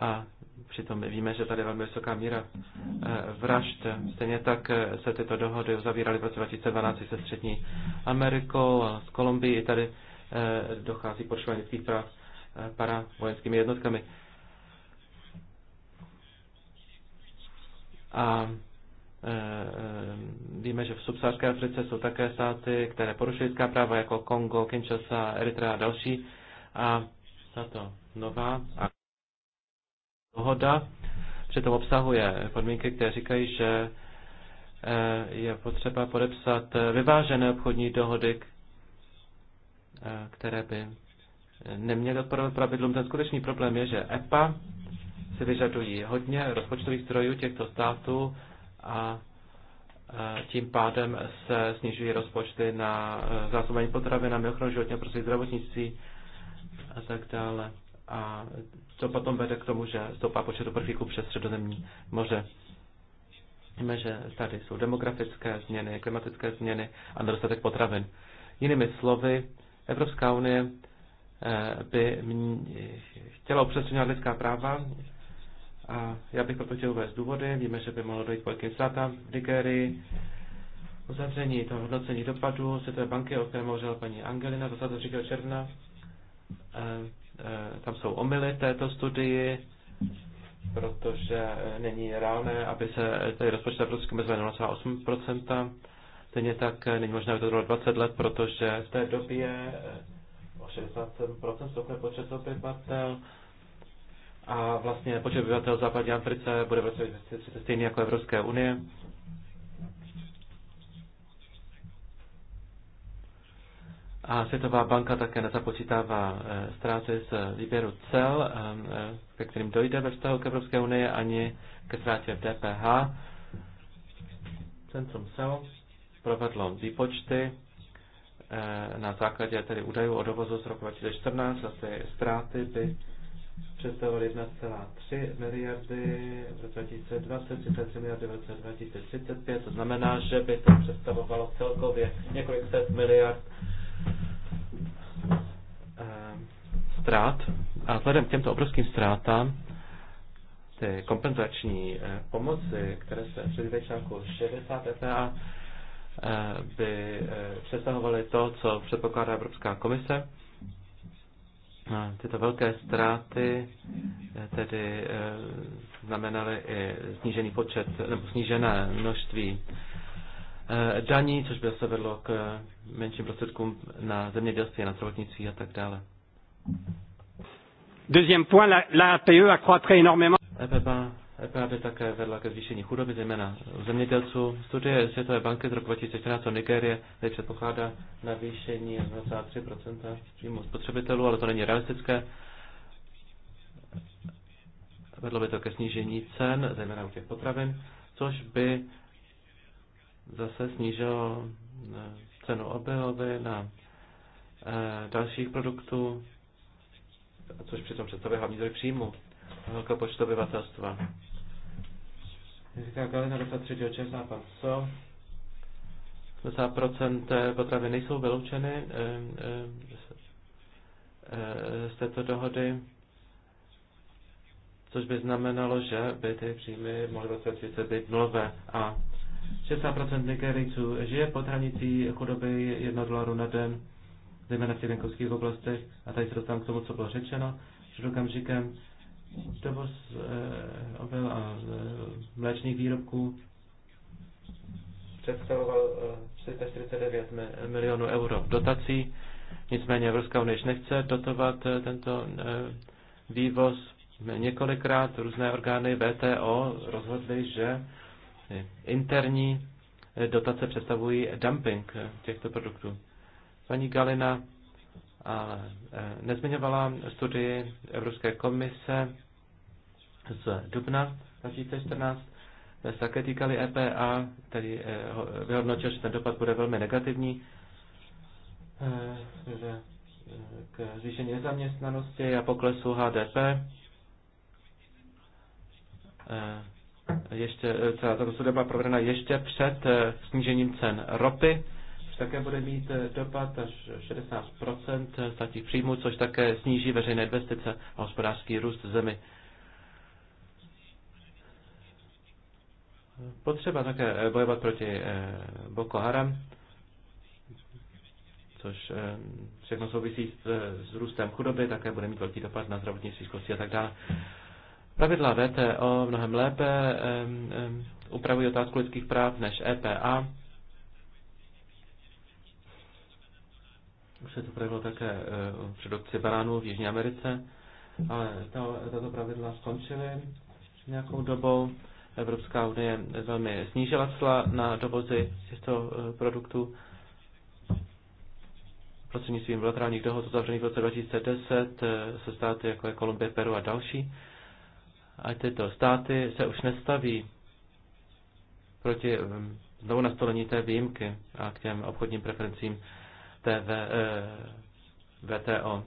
Speaker 1: a Přitom víme, že tady je velmi vysoká míra eh, vražd. Stejně tak eh, se tyto dohody uzavíraly v roce 2012 se Střední Amerikou a s Kolumbií. I tady eh, dochází porušování lidských práv para vojenskými jednotkami. A víme, že v subsaharské Africe jsou také státy, které porušují lidská práva, jako Kongo, Kinshasa, Eritrea a další. A tato nová dohoda přitom obsahuje podmínky, které říkají, že eh, je potřeba podepsat vyvážené obchodní dohody, eh, které by neměly odporovat pravidlům. Ten skutečný problém je, že EPA si vyžadují hodně rozpočtových zdrojů těchto států a eh, tím pádem se snižují rozpočty na zásobení potravinami, ochranu životního prostředí, zdravotnictví a tak dále a co potom vede k tomu, že stoupá počet uprchlíků přes středozemní moře. Víme, že tady jsou demografické změny, klimatické změny a nedostatek potravin. Jinými slovy, Evropská unie eh, by chtěla upřesňovat lidská práva a já bych proto chtěl uvést důvody. Víme, že by mohlo dojít k velkým ztrátám v Nigerii, uzavření toho hodnocení dopadů Světové banky, o kterém hovořila paní Angelina 23. června eh, Eh, tam jsou omily této studii, protože eh, není reálné, aby se eh, tady rozpočet Evropské mezi 0,8%. Stejně tak není možné, aby to bylo 20 let, protože v té době o 60% stoupne počet obyvatel a vlastně počet obyvatel v západní Africe bude v roce stejný jako Evropské unie. A Světová banka také nezapočítává eh, ztráty z eh, výběru cel, eh, ke kterým dojde ve vztahu k Evropské unii, ani ke ztrátě v DPH. Centrum SEO provedlo výpočty na základě tedy údajů o dovozu z roku 2014 a ty ztráty by představovaly 1,3 miliardy v roce 2020, 33 miliardy v roce 2035, to znamená, že by to představovalo celkově několik set miliard ztrát a vzhledem k těmto obrovským ztrátám ty kompenzační eh, pomoci, které se v článku 60 ETA, eh, by eh, přesahovaly to, co předpokládá Evropská komise. Tyto velké ztráty tedy znamenaly i snížený počet nebo snížené množství daní, což by se vedlo k menším prostředkům na zemědělství, na zdravotnictví a tak dále. Deuxième point, la, la l'APE accroîtrait énormément. EPA, e by také vedla ke zvýšení chudoby, zejména v zemědělců. Studie Světové banky z roku 2014 o Nigérie teď předpokládá navýšení 23% příjmu spotřebitelů, ale to není realistické. Vedlo by to ke snížení cen, zejména u těch potravin, což by zase snížilo eh, cenu obilovy na eh, dalších produktů což přitom představuje hlavní zdroj příjmu velkého počtu obyvatelstva. Říká Galina 23. června, pan co? 80% eh, potravy nejsou vyloučeny eh, eh, z této dohody, což by znamenalo, že by ty příjmy mohly v roce 30 být nulové. A 60% Nigerijců žije pod hranicí chudoby 1 dolaru na den zejména v těch venkovských oblastech, a tady se dostávám k tomu, co bylo řečeno, před okamžikem dovoz eh, obil a eh, mléčných výrobků představoval eh, 449 milionů euro dotací, nicméně Evropská unie nechce dotovat eh, tento eh, vývoz. Několikrát různé orgány VTO rozhodly, že eh, interní eh, dotace představují dumping eh, těchto produktů paní Galina a e, nezmiňovala studii Evropské komise z dubna 2014, e, se také týkaly EPA, který e, vyhodnotil, že ten dopad bude velmi negativní k zvýšení nezaměstnanosti a poklesu HDP. Ještě, celá tato studie byla provedena ještě před snížením cen ropy také bude mít eh, dopad až 60 eh, státních příjmů, což také sníží veřejné investice a hospodářský růst zemi. Potřeba také eh, bojovat proti Boko Haram, což všechno souvisí s, s růstem chudoby, také bude mít velký dopad na zdravotní svýzkosti a tak dále. Pravidla VTO mnohem lépe upravují otázku lidských práv než EPA Už se to projevilo také v eh, obci Baránů v Jižní Americe, ale to, tato pravidla skončily nějakou dobou. Evropská unie velmi snížila cla na dovozy těchto eh, produktů prostřednictvím bilaterálních dohod uzavřených v roce 2010 eh, se státy jako je Kolumbie, Peru a další. A tyto státy se už nestaví proti znovu nastolení té výjimky a k těm obchodním preferencím TV, eh, VTO.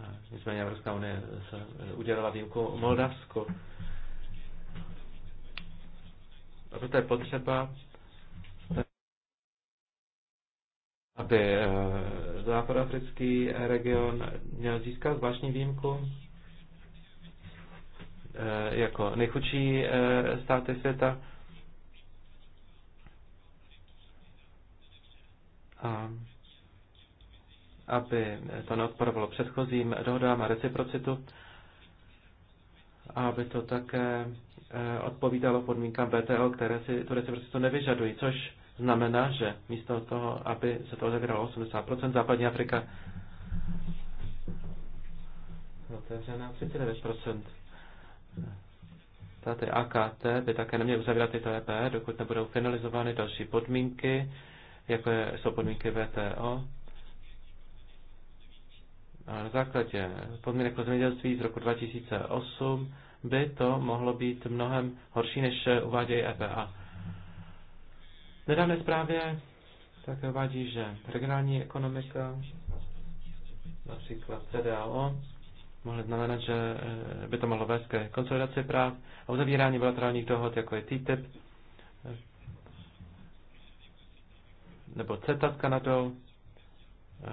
Speaker 1: Eh, nicméně Evropská unie se eh, udělala výjimku Moldavsku. A proto je potřeba, aby západoafrický region měl získat zvláštní výjimku jako nejchudší státy světa. a aby to neodporovalo předchozím dohodám a reciprocitu a aby to také eh, odpovídalo podmínkám BTO, které si tu reciprocitu nevyžadují, což znamená, že místo toho, aby se to odegralo 80%, západní Afrika otevřená 39%. Tady AKT by také neměly uzavírat tyto EP, e, dokud nebudou finalizovány další podmínky, jako jsou podmínky VTO. A na základě podmínek pro zemědělství z roku 2008 by to mohlo být mnohem horší, než uvádějí EPA. V nedávné zprávě také uvádí, že regionální ekonomika, například CDAO, mohly znamenat, že eh, by to mohlo vést ke konsolidaci práv a uzavírání bilaterálních dohod, jako je TTIP, nebo CETA s Kanadou eh,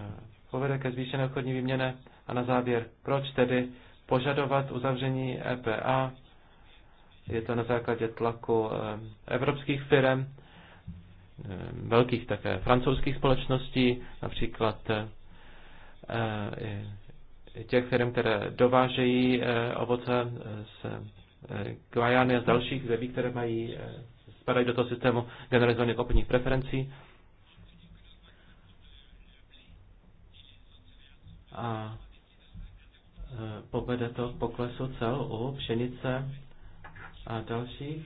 Speaker 1: povede ke zvýšené obchodní výměně a na závěr, proč tedy požadovat uzavření EPA, je to na základě tlaku eh, evropských firm, eh, velkých také francouzských společností, například těch firm, které dovážejí ovoce z Guajany a z dalších zemí, které mají, spadají do toho systému generalizovaných obchodních preferencí. a e, povede to k poklesu cel u pšenice a dalších.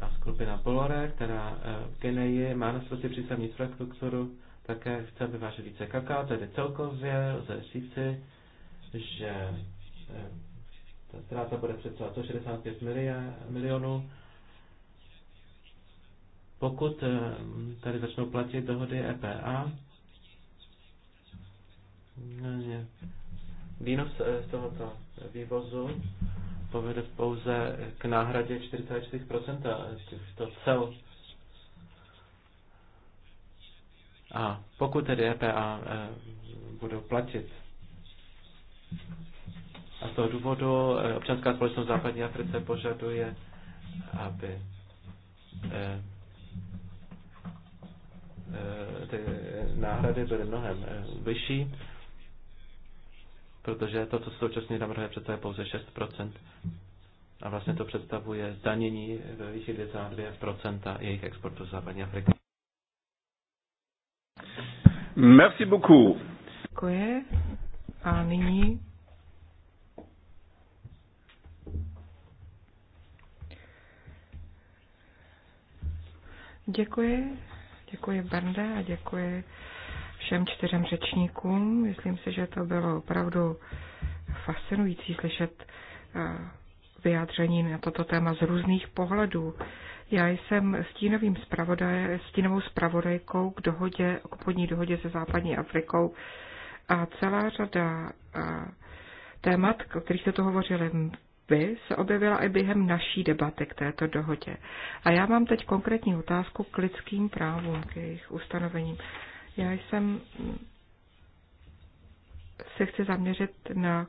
Speaker 1: A skupina Polore, která e, v Geneji má na starosti přístavní infrastrukturu, také chce vyvážet více kaká, tedy celkově lze říci, že e, ta ztráta bude přece 165 milionů. Pokud tady začnou platit dohody EPA, Výnos eh, z tohoto vývozu povede pouze k náhradě 44% to cel. A pokud tedy EPA eh, budou platit a z toho důvodu eh, občanská společnost v západní Africe požaduje, aby ty náhrady byly mnohem vyšší protože to, co současně navrhuje, přece je pouze 6%. A vlastně to představuje zdanění ve výši 2,2% jejich exportu z západní Afriky. Merci beaucoup.
Speaker 2: Děkuji. A nyní Děkuji. Děkuji Bernde a děkuji všem čtyřem řečníkům. Myslím si, že to bylo opravdu fascinující slyšet eh, vyjádření na toto téma z různých pohledů. Já jsem stínovým spravodaj, stínovou spravodajkou k dohodě, k obchodní dohodě se západní Afrikou a celá řada eh, témat, o kterých jste to hovořili vy, se objevila i během naší debaty k této dohodě. A já mám teď konkrétní otázku k lidským právům, k jejich ustanovením. Já jsem se chci zaměřit na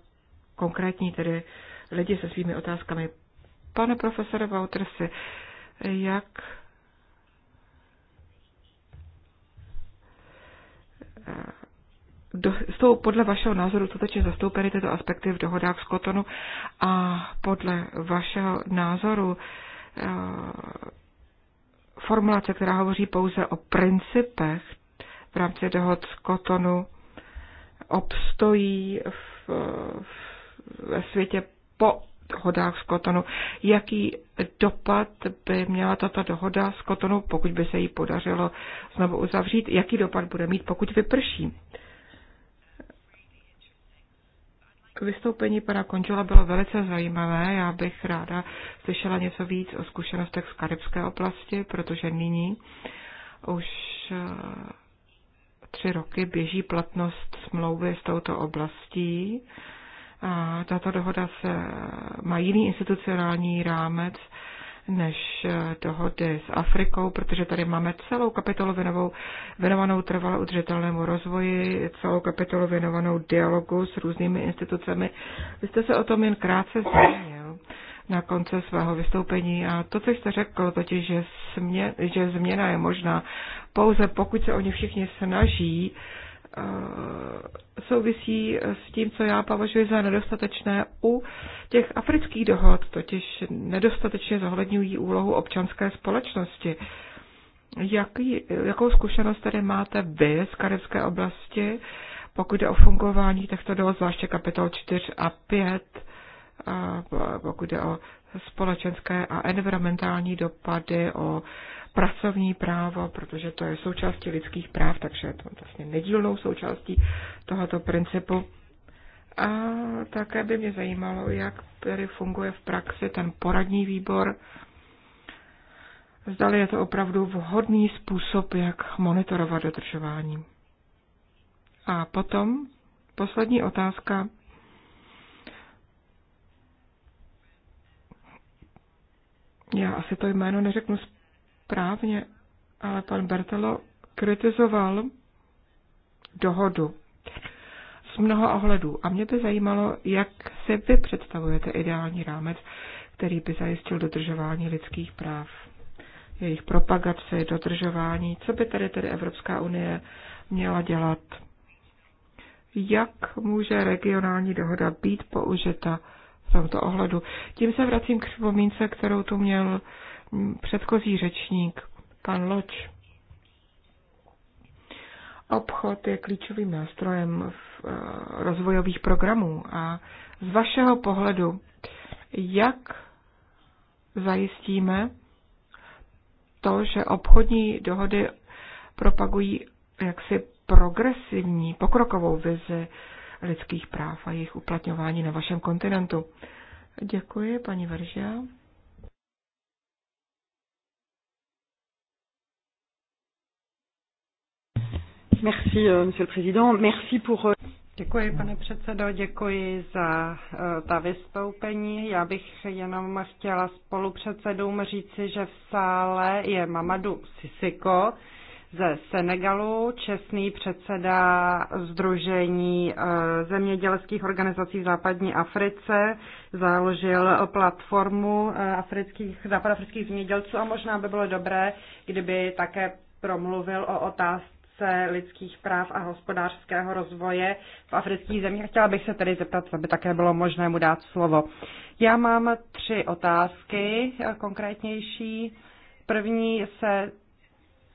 Speaker 2: konkrétní tedy lidi se svými otázkami. Pane profesore Woutersi, jak do, jsou podle vašeho názoru skutečně zastoupeny tyto aspekty v dohodách z Kotonu a podle vašeho názoru eh, formulace, která hovoří pouze o principech, v rámci dohod Kotonu obstojí v, v, ve světě po dohodách z Kotonu. Jaký dopad by měla tato dohoda z Kotonu, pokud by se jí podařilo znovu uzavřít? Jaký dopad bude mít, pokud vyprší? Vystoupení pana Končela bylo velice zajímavé. Já bych ráda slyšela něco víc o zkušenostech z karibské oblasti, protože nyní už eh, tři roky běží platnost smlouvy s touto oblastí. A tato dohoda se má jiný institucionální rámec než eh, dohody s Afrikou, protože tady máme celou kapitolu věnovou, věnovanou trvalé udržitelnému rozvoji, celou kapitolu věnovanou dialogu s různými institucemi. Vy jste se o tom jen krátce zmínil na konce svého vystoupení. A to, co jste řekl, totiž, že, smě, že změna je možná pouze pokud se oni všichni snaží, eh, souvisí s tím, co já považuji za nedostatečné u těch afrických dohod, totiž nedostatečně zohledňují úlohu občanské společnosti. Jaký, jakou zkušenost tedy máte vy z karibské oblasti, pokud jde o fungování těchto dohod, zvláště kapitol 4 a 5? pokud jde o společenské a environmentální dopady, o pracovní právo, protože to je součástí lidských práv, takže je to vlastně nedílnou součástí tohoto principu. A také by mě zajímalo, jak tedy funguje v praxi ten poradní výbor, zdali je to opravdu vhodný způsob, jak monitorovat dodržování. A potom poslední otázka já asi to jméno neřeknu správně, ale pan Bertelo kritizoval dohodu z mnoha ohledů. A mě by zajímalo, jak si vy představujete ideální rámec, který by zajistil dodržování lidských práv, jejich propagaci, dodržování, co by tady tedy Evropská unie měla dělat. Jak může regionální dohoda být použita v tomto ohledu. Tím se vracím k připomínce, kterou tu měl předchozí řečník, pan Loč. Obchod je klíčovým nástrojem v eh, rozvojových programů a z vašeho pohledu, jak zajistíme to, že obchodní dohody propagují jaksi progresivní, pokrokovou vizi lidských práv a jejich uplatňování na vašem kontinentu. Děkuji, paní Verža. Merci, euh, monsieur le président. Merci pour... Euh,
Speaker 3: děkuji, pane předsedo, děkuji za eh, ta vystoupení. Já bych jenom chtěla spolupředsedům říci, že v sále je Mamadu Sisiko, ze Senegalu, čestný předseda Združení eh, zemědělských organizací v západní Africe, založil platformu eh, afrických, západoafrických zemědělců a možná by bylo dobré, kdyby také promluvil o otázce lidských práv a hospodářského rozvoje v afrických zemích. Chtěla bych se tedy zeptat, aby také bylo možné mu dát slovo. Já mám tři otázky eh, konkrétnější. První se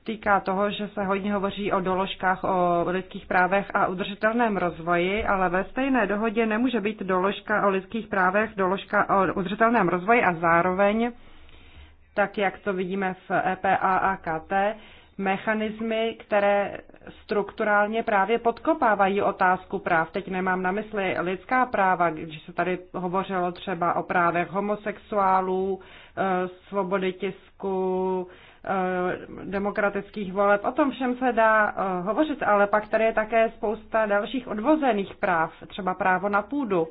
Speaker 3: týká toho, že se hodně hovoří o doložkách o lidských právech a udržitelném rozvoji, ale ve stejné dohodě nemůže být doložka o lidských právech, doložka o udržitelném rozvoji a zároveň, tak jak to vidíme v EPA a KT, mechanismy, které strukturálně právě podkopávají otázku práv. Teď nemám na mysli lidská práva, když se tady hovořilo třeba o právech homosexuálů, eh, svobody tisku, Eh, demokratických voleb. O tom všem se dá eh, hovořit, ale pak tady je také spousta dalších odvozených práv, třeba právo na půdu.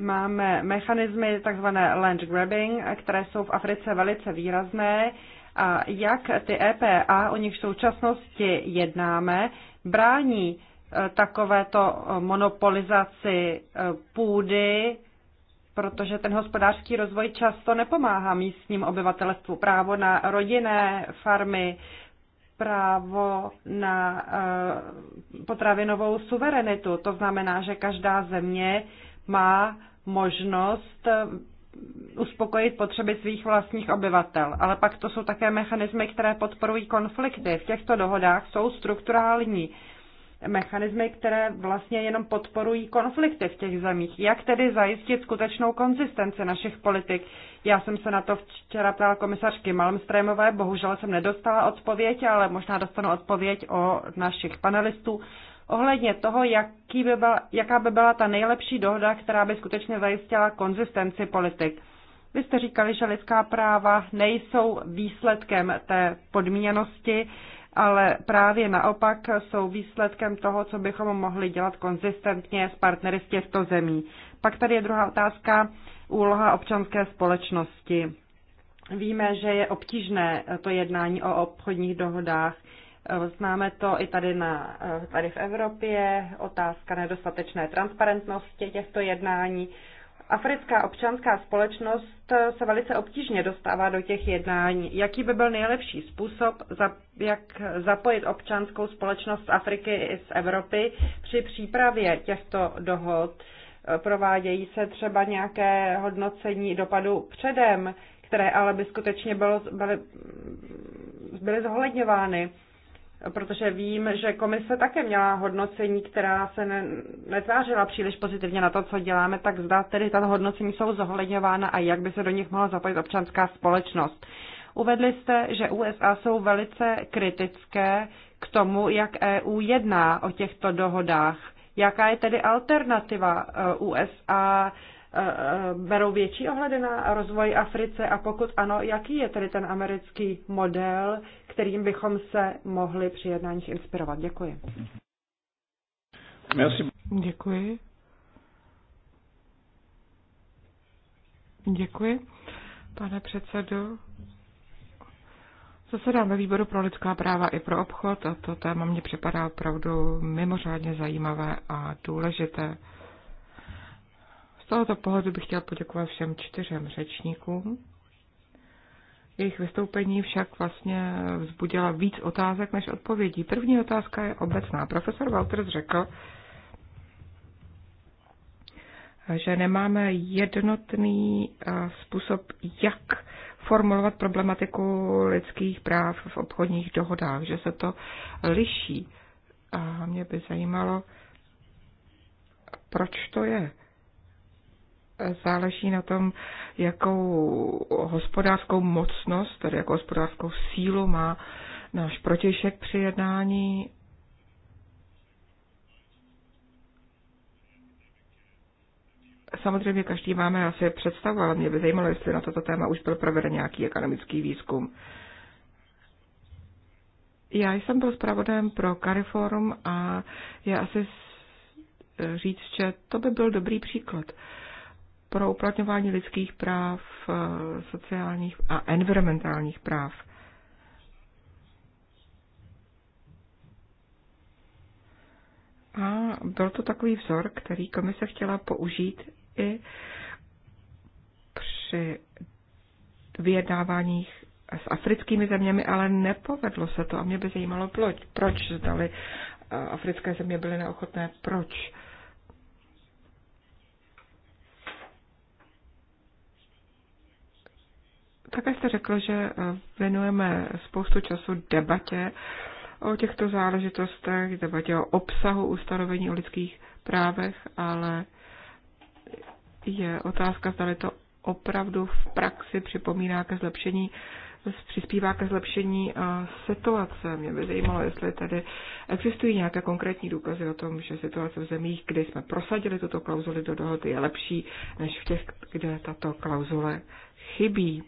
Speaker 3: Máme mechanismy tzv. land grabbing, které jsou v Africe velice výrazné a jak ty EPA, o nich v současnosti jednáme, brání eh, takovéto monopolizaci půdy protože ten hospodářský rozvoj často nepomáhá místním obyvatelstvu. Právo na rodinné farmy, právo na eh, potravinovou suverenitu. To znamená, že každá země má možnost eh, uspokojit potřeby svých vlastních obyvatel. Ale pak to jsou také mechanismy, které podporují konflikty. V těchto dohodách jsou strukturální mechanismy, které vlastně jenom podporují konflikty v těch zemích. Jak tedy zajistit skutečnou konzistenci našich politik? Já jsem se na to včera ptala komisařky Malmströmové, bohužel jsem nedostala odpověď, ale možná dostanu odpověď o našich panelistů ohledně toho, jaký by byla, jaká by byla ta nejlepší dohoda, která by skutečně zajistila konzistenci politik. Vy jste říkali, že lidská práva nejsou výsledkem té podmíněnosti, ale právě naopak jsou výsledkem toho, co bychom mohli dělat konzistentně s partnery z těchto zemí. Pak tady je druhá otázka, úloha občanské společnosti. Víme, že je obtížné to jednání o obchodních dohodách. Známe to i tady, na, tady v Evropě, otázka nedostatečné transparentnosti těchto jednání africká občanská společnost se velice obtížně dostává do těch jednání. Jaký by byl nejlepší způsob, jak zapojit občanskou společnost z Afriky i z Evropy při přípravě těchto dohod? Provádějí se třeba nějaké hodnocení dopadu předem, které ale by skutečně bylo, byly, byly zohledňovány protože vím, že komise také měla hodnocení, která se ne, netvářila příliš pozitivně na to, co děláme, tak zda tedy tato hodnocení jsou zohledňována a jak by se do nich mohla zapojit občanská společnost. Uvedli jste, že USA jsou velice kritické k tomu, jak EU jedná o těchto dohodách. Jaká je tedy alternativa eh, USA Eh, eh, berou větší ohledy na rozvoj Africe a pokud ano, jaký je tedy ten americký model, kterým bychom se mohli při jednáních inspirovat? Děkuji.
Speaker 2: Merci. Děkuji. Děkuji, pane předsedo. Zasedám ve výboru pro lidská práva i pro obchod a to téma mě připadá opravdu mimořádně zajímavé a důležité. Z tohoto pohledu bych chtěl poděkovat všem čtyřem řečníkům. Jejich vystoupení však vlastně vzbudila víc otázek než odpovědí. První otázka je obecná. Profesor Walters řekl, že nemáme jednotný eh, způsob, jak formulovat problematiku lidských práv v obchodních dohodách, že se to liší. A mě by zajímalo, proč to je záleží na tom, jakou hospodářskou mocnost, tedy jakou hospodářskou sílu má náš protějšek při jednání. Samozřejmě každý máme asi představu, ale mě by zajímalo, jestli na toto téma už byl proveden nějaký ekonomický výzkum. Já jsem byl zpravodajem pro Cariforum a je asi říct, že to by byl dobrý příklad pro uplatňování lidských práv, eh, sociálních a environmentálních práv. A byl to takový vzor, který komise chtěla použít i při vyjednáváních s africkými zeměmi, ale nepovedlo se to a mě by zajímalo, proč, proč zdali eh, africké země byly neochotné, proč. Také jste řekl, že eh, věnujeme spoustu času debatě o těchto záležitostech, debatě o obsahu ustanovení o lidských právech, ale je otázka, zda to opravdu v praxi připomíná ke zlepšení, přispívá ke zlepšení eh, situace. Mě by zajímalo, jestli tady existují nějaké konkrétní důkazy o tom, že situace v zemích, kdy jsme prosadili tuto klauzuli do dohody, je lepší než v těch, kde tato klauzule chybí.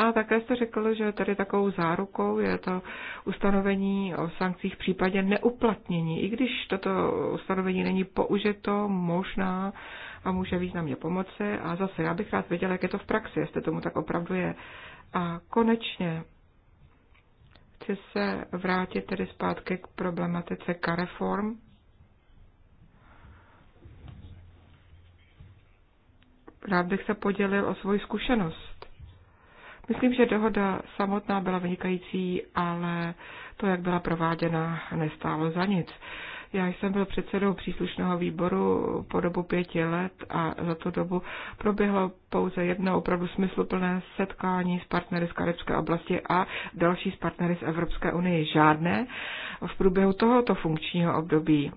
Speaker 2: A také jste řekl, že tady takovou zárukou je to ustanovení o sankcích v případě neuplatnění. I když toto ustanovení není použito, možná a může významně pomoci. A zase já bych rád věděla, jak je to v praxi, jestli tomu tak opravdu je. A konečně chci se vrátit tedy zpátky k problematice kareform. Rád bych se podělil o svoji zkušenost Myslím, že dohoda samotná byla vynikající, ale to, jak byla prováděna, nestálo za nic. Já jsem byl předsedou příslušného výboru po dobu pěti let a za tu dobu proběhlo pouze jedno opravdu smysluplné setkání s partnery z Karibské oblasti a další s partnery z Evropské unie. Žádné v průběhu tohoto funkčního období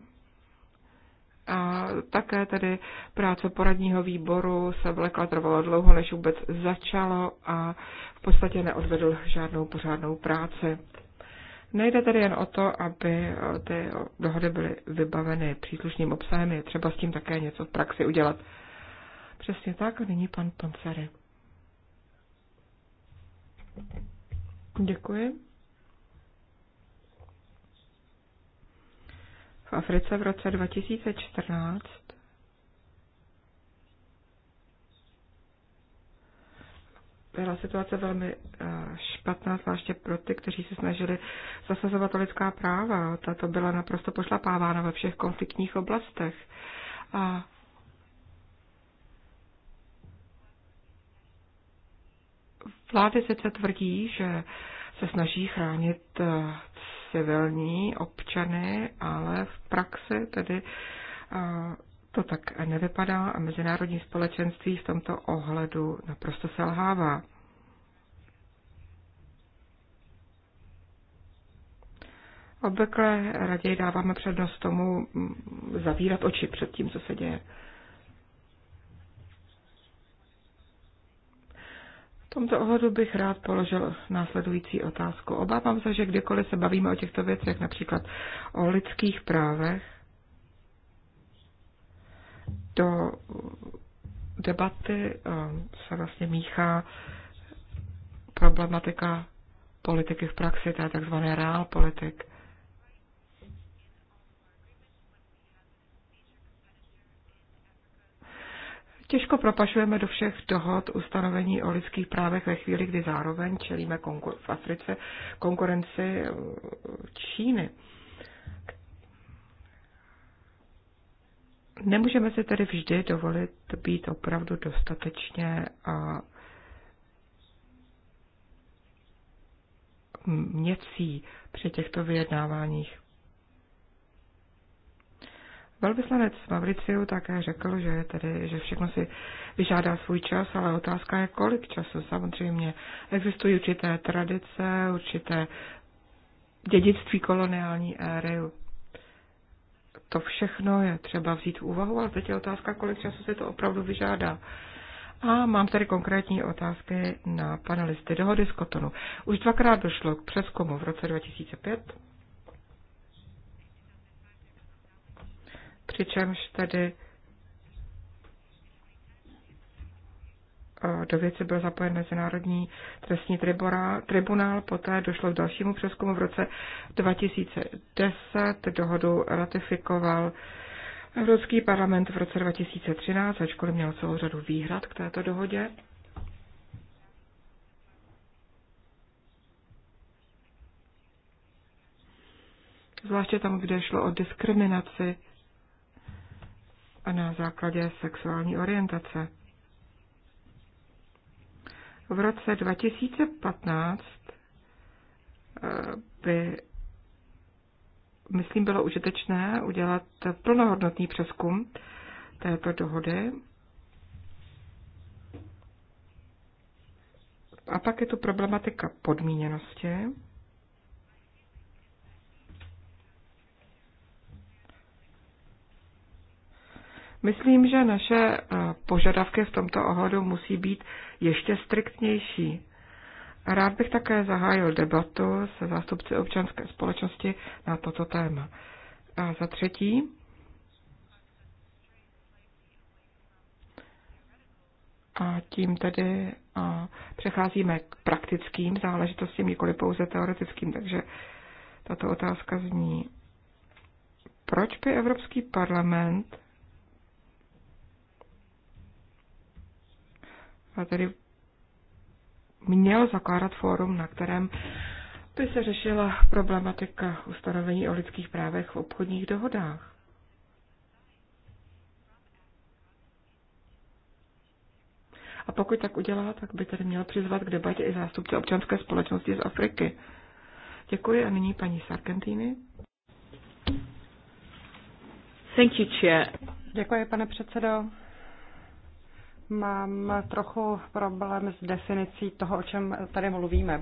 Speaker 2: a také tedy práce poradního výboru se vlekla, trvalo dlouho, než vůbec začalo a v podstatě neodvedl žádnou pořádnou práci. Nejde tedy jen o to, aby eh, ty dohody byly vybaveny příslušným obsahem, je třeba s tím také něco v praxi udělat. Přesně tak, a nyní pan Pancery. Děkuji. Africe v roce 2014 byla situace velmi eh, špatná, zvláště pro ty, kteří se snažili zasazovat lidská práva. Tato byla naprosto pošlapávána ve všech konfliktních oblastech. A vlády sice tvrdí, že se snaží chránit eh, civilní občany, ale v praxi tedy to tak nevypadá a mezinárodní společenství v tomto ohledu naprosto selhává. Obvykle raději dáváme přednost tomu zavírat oči před tím, co se děje. V tomto ohledu bych rád položil následující otázku. Obávám se, že kdykoliv se bavíme o těchto věcech, například o lidských právech, do debaty eh, se vlastně míchá problematika politiky v praxi, to je real politik. Těžko propašujeme do všech dohod ustanovení o lidských právech ve chvíli, kdy zároveň čelíme konkur- v Africe konkurenci eh, Číny. Nemůžeme si tedy vždy dovolit být opravdu dostatečně měcí při těchto vyjednáváních. Velvyslanec Mauriciu také řekl, že, tedy, že všechno si vyžádá svůj čas, ale otázka je, kolik času. Samozřejmě existují určité tradice, určité dědictví koloniální éry. To všechno je třeba vzít v úvahu, ale teď je otázka, kolik času se to opravdu vyžádá. A mám tady konkrétní otázky na panelisty dohody z Kotonu. Už dvakrát došlo k přeskumu v roce 2005 přičemž tedy eh, do věci byl zapojen Mezinárodní trestní tribunál, poté došlo k dalšímu přeskumu v roce 2010, dohodu ratifikoval Evropský parlament v roce 2013, ačkoliv měl celou řadu výhrad k této dohodě. Zvláště tam, kde šlo o diskriminaci a na základě sexuální orientace. V roce 2015 eh, by, myslím, bylo užitečné udělat plnohodnotný přeskum této dohody. A pak je tu problematika podmíněnosti. Myslím, že naše eh, požadavky v tomto ohledu musí být ještě striktnější. Rád bych také zahájil debatu se zástupci občanské společnosti na toto téma. A za třetí, a tím tedy a přecházíme k praktickým záležitostím, nikoli pouze teoretickým, takže tato otázka zní, proč by Evropský parlament a tedy měl zakládat fórum, na kterém by se řešila problematika ustanovení o lidských právech v obchodních dohodách. A pokud tak udělá, tak by tedy měl přizvat k debatě i zástupce občanské společnosti z Afriky. Děkuji a nyní paní Sargentini. Thank you, chair. Děkuji, pane předsedo.
Speaker 3: Mám trochu problém s definicí toho, o čem tady mluvíme.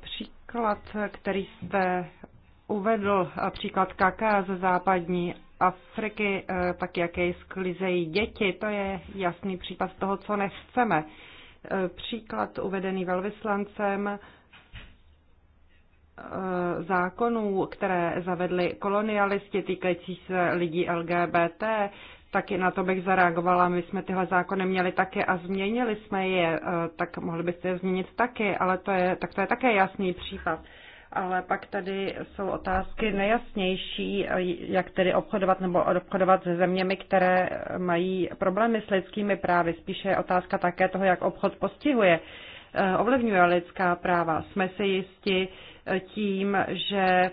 Speaker 3: Příklad, který jste uvedl, příklad kaká ze západní Afriky, eh, tak jak jej sklizejí děti, to je jasný případ toho, co nechceme. Eh, příklad uvedený velvyslancem eh, zákonů, které zavedli kolonialisti týkající se lidí LGBT, taky na to bych zareagovala. My jsme tyhle zákony měli také a změnili jsme je, eh, tak mohli byste je změnit taky, ale to je, tak to je také jasný případ. Ale pak tady jsou otázky nejasnější, eh, jak tedy obchodovat nebo obchodovat se zeměmi, které eh, mají problémy s lidskými právy. Spíše je otázka také toho, jak obchod postihuje, ovlivňuje lidská práva. Jsme si jisti tím, že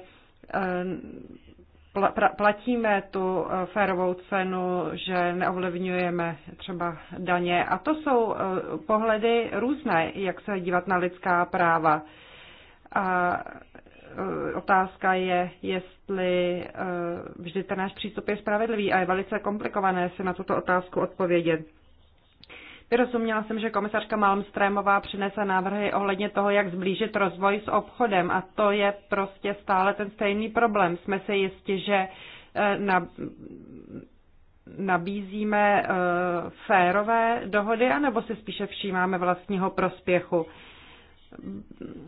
Speaker 3: platíme tu eh, férovou cenu, že neovlivňujeme třeba daně. A to jsou eh, pohledy různé, jak se dívat na lidská práva. A eh, otázka je, jestli vždy ten náš přístup je spravedlivý a je velice komplikované si na tuto otázku odpovědět. Vyrozuměla jsem, že komisařka Malmströmová přinese návrhy ohledně toho, jak zblížit rozvoj s obchodem a to je prostě stále ten stejný problém. Jsme si jisti, že eh, na, nabízíme eh, férové dohody, anebo si spíše všímáme vlastního prospěchu.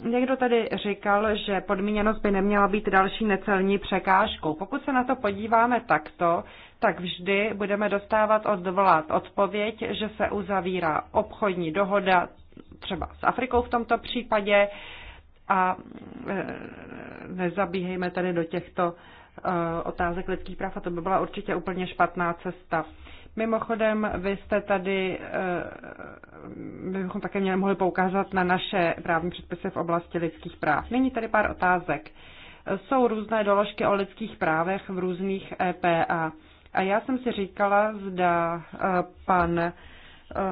Speaker 3: Někdo tady říkal, že podmíněnost by neměla být další necelní překážkou. Pokud se na to podíváme takto, tak vždy budeme dostávat od vlád odpověď, že se uzavírá obchodní dohoda třeba s Afrikou v tomto případě a e, nezabíhejme tady do těchto e, otázek lidských práv a to by byla určitě úplně špatná cesta. Mimochodem, vy jste tady, eh, my bychom také měli mohli poukázat na naše právní předpisy v oblasti lidských práv. Nyní tady pár otázek. Jsou různé doložky o lidských právech v různých EPA. A já jsem si říkala, zda eh, pan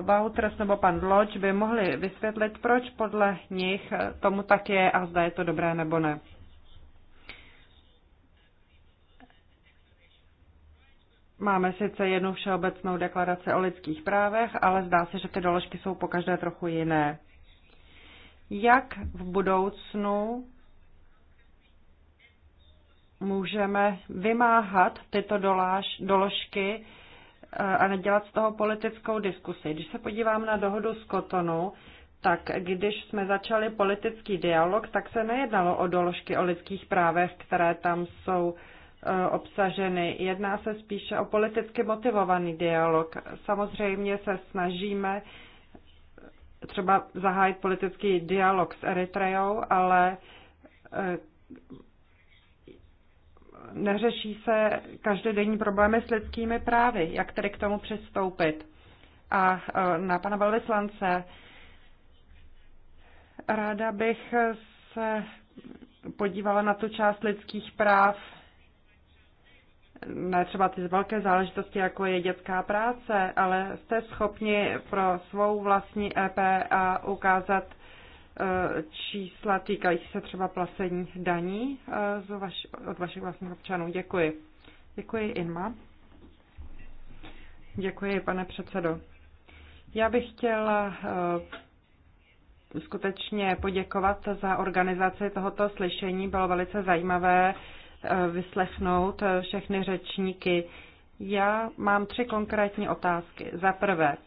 Speaker 3: Wouters eh, nebo pan Lodge by mohli vysvětlit, proč podle nich tomu tak je a zda je to dobré nebo ne. Máme sice jednu všeobecnou deklaraci o lidských právech, ale zdá se, že ty doložky jsou po každé trochu jiné. Jak v budoucnu můžeme vymáhat tyto doláž, doložky eh, a nedělat z toho politickou diskusi? Když se podívám na dohodu s Kotonu, tak když jsme začali politický dialog, tak se nejednalo o doložky o lidských právech, které tam jsou E, obsaženy. Jedná se spíše o politicky motivovaný dialog. Samozřejmě se snažíme třeba zahájit politický dialog s Eritreou, ale e, neřeší se každodenní problémy s lidskými právy, jak tedy k tomu přistoupit. A e, na pana velvyslance ráda bych se podívala na tu část lidských práv, ne třeba ty velké záležitosti, jako je dětská práce, ale jste schopni pro svou vlastní e a ukázat e, čísla týkající se třeba placení daní e, od vašich vlastních občanů. Děkuji. Děkuji, Inma. Děkuji, pane předsedo. Já bych chtěla skutečně poděkovat za organizaci tohoto slyšení. Bylo velice zajímavé Eh, vyslechnout eh, všechny řečníky. Já mám tři konkrétní otázky. Za prvé,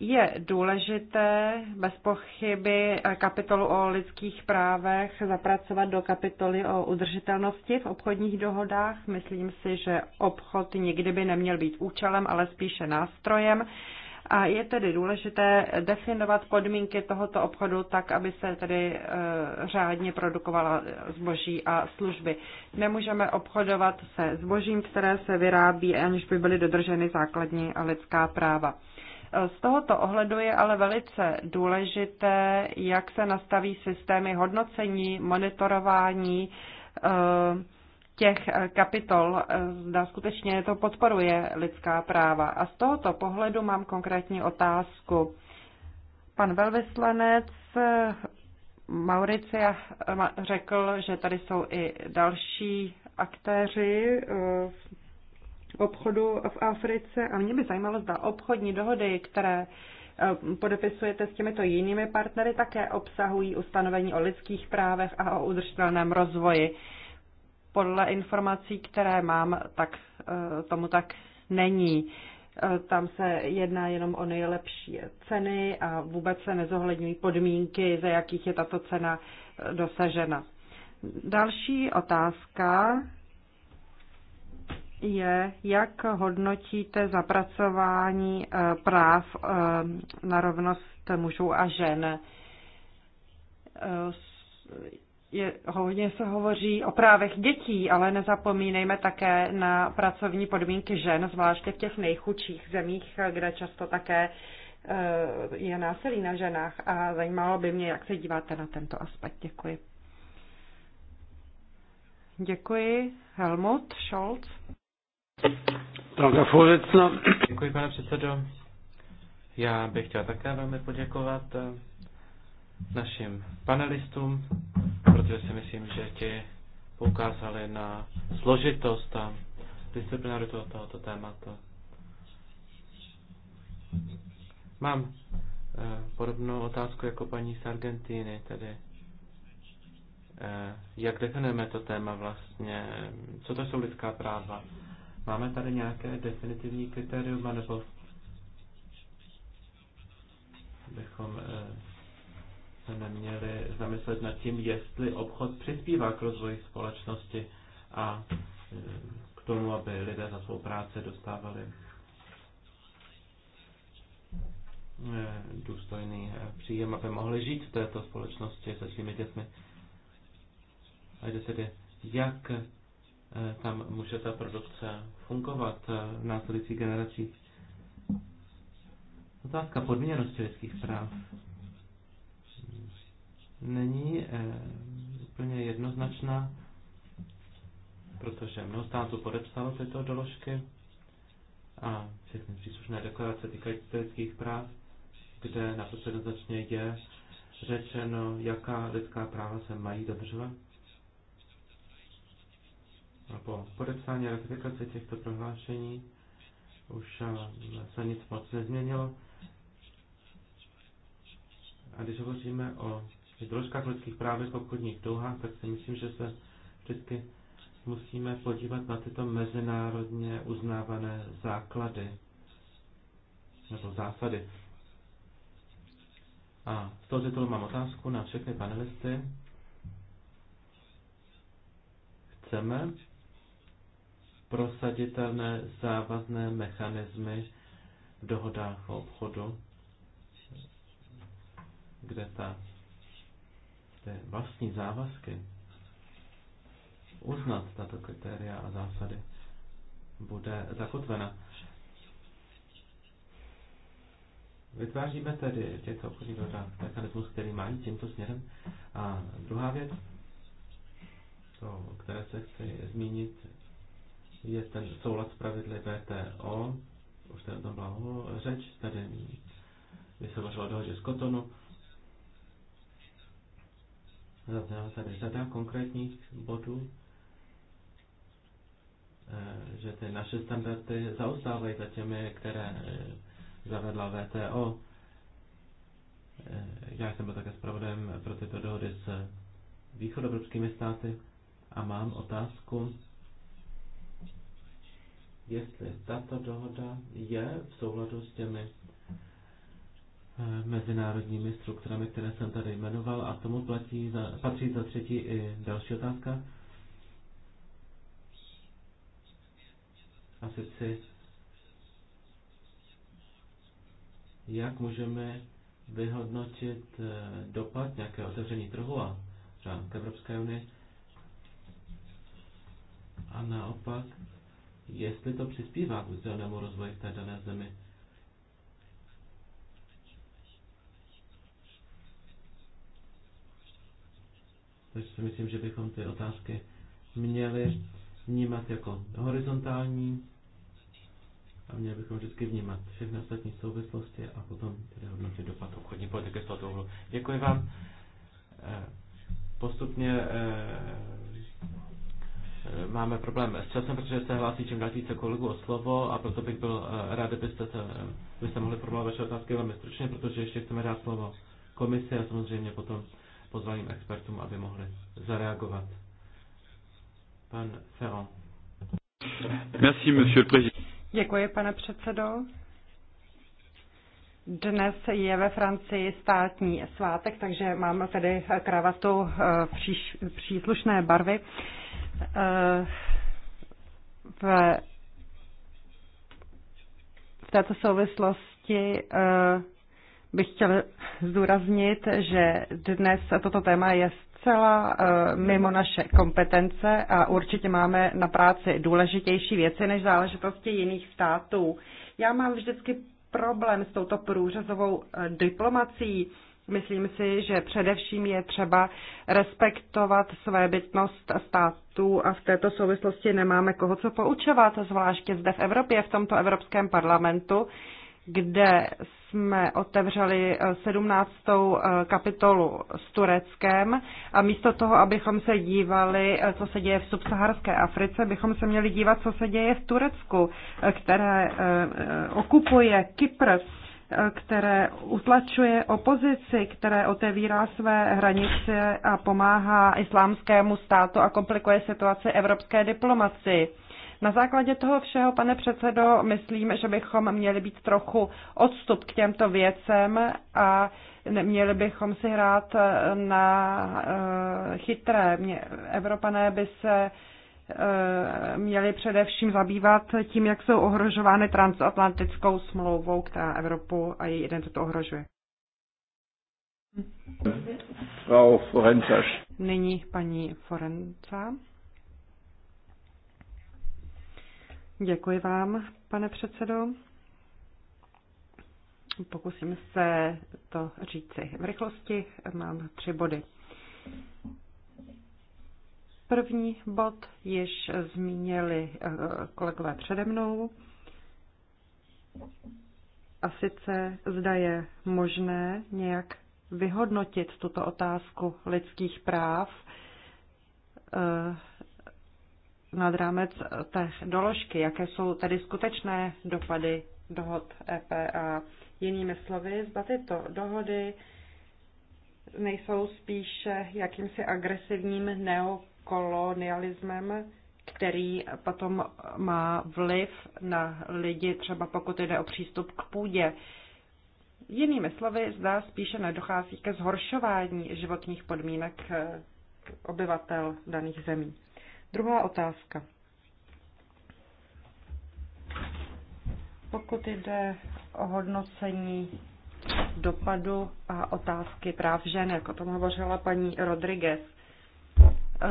Speaker 3: je důležité bez pochyby eh, kapitolu o lidských právech zapracovat do kapitoly o udržitelnosti v obchodních dohodách. Myslím si, že obchod nikdy by neměl být účelem, ale spíše nástrojem a je tedy důležité definovat podmínky tohoto obchodu tak, aby se tedy e, řádně produkovala zboží a služby. Nemůžeme obchodovat se zbožím, které se vyrábí, aniž by byly dodrženy základní lidská práva. E, z tohoto ohledu je ale velice důležité, jak se nastaví systémy hodnocení, monitorování, e, těch eh, kapitol, eh, zda skutečně to podporuje lidská práva. A z tohoto pohledu mám konkrétní otázku. Pan velvyslanec eh, Mauricia řekl, že tady jsou i další aktéři v obchodu v Africe a mě by zajímalo, zda obchodní dohody, které podepisujete s těmito jinými partnery, také obsahují ustanovení o lidských právech a o udržitelném rozvoji podle informací, které mám, tak e, tomu tak není. E, tam se jedná jenom o nejlepší ceny a vůbec se nezohledňují podmínky, za jakých je tato cena e, dosažena. Další otázka je, jak hodnotíte zapracování práv na rovnost mužů a žen je, hodně se hovoří o právech dětí, ale nezapomínejme také na pracovní podmínky žen, zvláště v těch nejchudších zemích, kde často také eh, je násilí na ženách. A zajímalo by mě, jak se díváte na tento aspekt. Děkuji. Děkuji. Helmut Scholz.
Speaker 1: Děkuji, pane předsedo. Já bych chtěl také velmi poděkovat eh, našim panelistům protože si myslím, že ti poukázali na složitost a disciplinaritu tohoto tématu. Mám eh, podobnou otázku jako paní z Argentíny, tedy eh, jak definujeme to téma vlastně, co to jsou lidská práva. Máme tady nějaké definitivní kritérium, nebo bychom eh, jsme měli zamyslet nad tím, jestli obchod přispívá k rozvoji společnosti a e, k tomu, aby lidé za svou práci dostávali e, důstojný příjem, aby mohli žít v této společnosti se svými dětmi. A jde tedy, jak e, tam může ta produkce fungovat v následujících generacích. Otázka podmíněnosti lidských práv není eh, úplně jednoznačná, protože mnoho států podepsalo tyto doložky a všechny příslušné deklarace týkající lidských práv, kde naprosto jednoznačně je řečeno, jaká lidská práva se mají dodržovat. A po podepsání a ratifikaci těchto prohlášení už eh, se nic moc nezměnilo. A když hovoříme o při troškách lidských právech v obchodních dlouhách, tak si myslím, že se vždycky musíme podívat na tyto mezinárodně uznávané základy nebo zásady. A z toho titulu mám otázku na všechny panelisty. Chceme prosaditelné závazné mechanismy v dohodách o obchodu, kde ta ty vlastní závazky, uznat tato kritéria a zásady, bude zakotvena. Vytváříme tedy v těchto obchodních dohodách mechanismus, který mají tímto směrem. A druhá věc, to, o které se chci zmínit, je ten soulad s pravidly VTO. Už tady o tom byla řeč, tady by se vařilo dohodě z Kotonu. Zazněla tady řada konkrétních bodů, eh, že ty naše standardy zaostávají za těmi, které eh, zavedla VTO. Eh, já jsem byl také zpravodajem pro tyto dohody s východoevropskými státy a mám otázku, jestli tato dohoda je v souladu s těmi Eh, mezinárodními strukturami, které jsem tady jmenoval a tomu platí za, patří za třetí i další otázka. A sice, jak můžeme vyhodnotit eh, dopad nějaké otevření trhu a k Evropské unii a naopak, jestli to přispívá k územnému rozvoji v té dané zemi. Takže si myslím, že bychom ty otázky měli vnímat jako horizontální a měli bychom vždycky vnímat všechny ostatní souvislosti a potom tedy hodnotit dopad obchodní politiky z tohoto úhlu. Děkuji vám. Eh, postupně eh, eh, máme problém s časem, protože se hlásí čím dál více kolegů o slovo a proto bych byl rád, kdybyste se, byste mohli formulovat vaše otázky velmi stručně, protože ještě chceme dát slovo komisi a samozřejmě potom pozvaným expertům, aby mohli zareagovat. Pan Ferrand. Merci, monsieur le président.
Speaker 3: Děkuji, pane předsedo. Dnes je ve Francii státní svátek, takže mám tedy kravatu eh, příš, příslušné barvy. Eh, v, v této souvislosti eh, bych chtěl zdůraznit, že dnes toto téma je zcela eh, mimo naše kompetence a určitě máme na práci důležitější věci než záležitosti jiných států. Já mám vždycky problém s touto průřezovou eh, diplomací. Myslím si, že především je třeba respektovat své bytnost států a v této souvislosti nemáme koho co poučovat, zvláště zde v Evropě, v tomto Evropském parlamentu, kde jsme otevřeli 17. Eh, eh, kapitolu s Tureckem a místo toho, abychom se dívali, eh, co se děje v subsaharské Africe, bychom se měli dívat, co se děje v Turecku, které okupuje Kypr, které utlačuje opozici, které otevírá své hranice a pomáhá islámskému státu a komplikuje situaci evropské diplomacii. Na základě toho všeho, pane předsedo, myslím, že bychom měli být trochu odstup k těmto věcem a měli bychom si hrát na eh, chytré. Evropané by se eh, měli především zabývat tím, jak jsou ohrožovány transatlantickou smlouvou, která Evropu a její identitu ohrožuje. Frau Forenzas. Nyní paní Forenca. Děkuji vám, pane předsedo. Pokusím se to říci v rychlosti. Mám tři body. První bod již zmínili eh, kolegové přede mnou. A sice zda je možné nějak vyhodnotit tuto otázku lidských práv eh, nad rámec eh, té doložky, jaké jsou tedy skutečné dopady dohod EPA. Jinými slovy, zda tyto dohody nejsou spíše jakýmsi agresivním neokolonialismem, který potom eh, má vliv na lidi, třeba pokud jde o přístup k půdě. Jinými slovy, zdá spíše nedochází ke zhoršování životních podmínek eh, obyvatel daných zemí. Druhá otázka. Pokud jde o hodnocení dopadu a otázky práv žen, jak o tom hovořila paní Rodriguez, eh,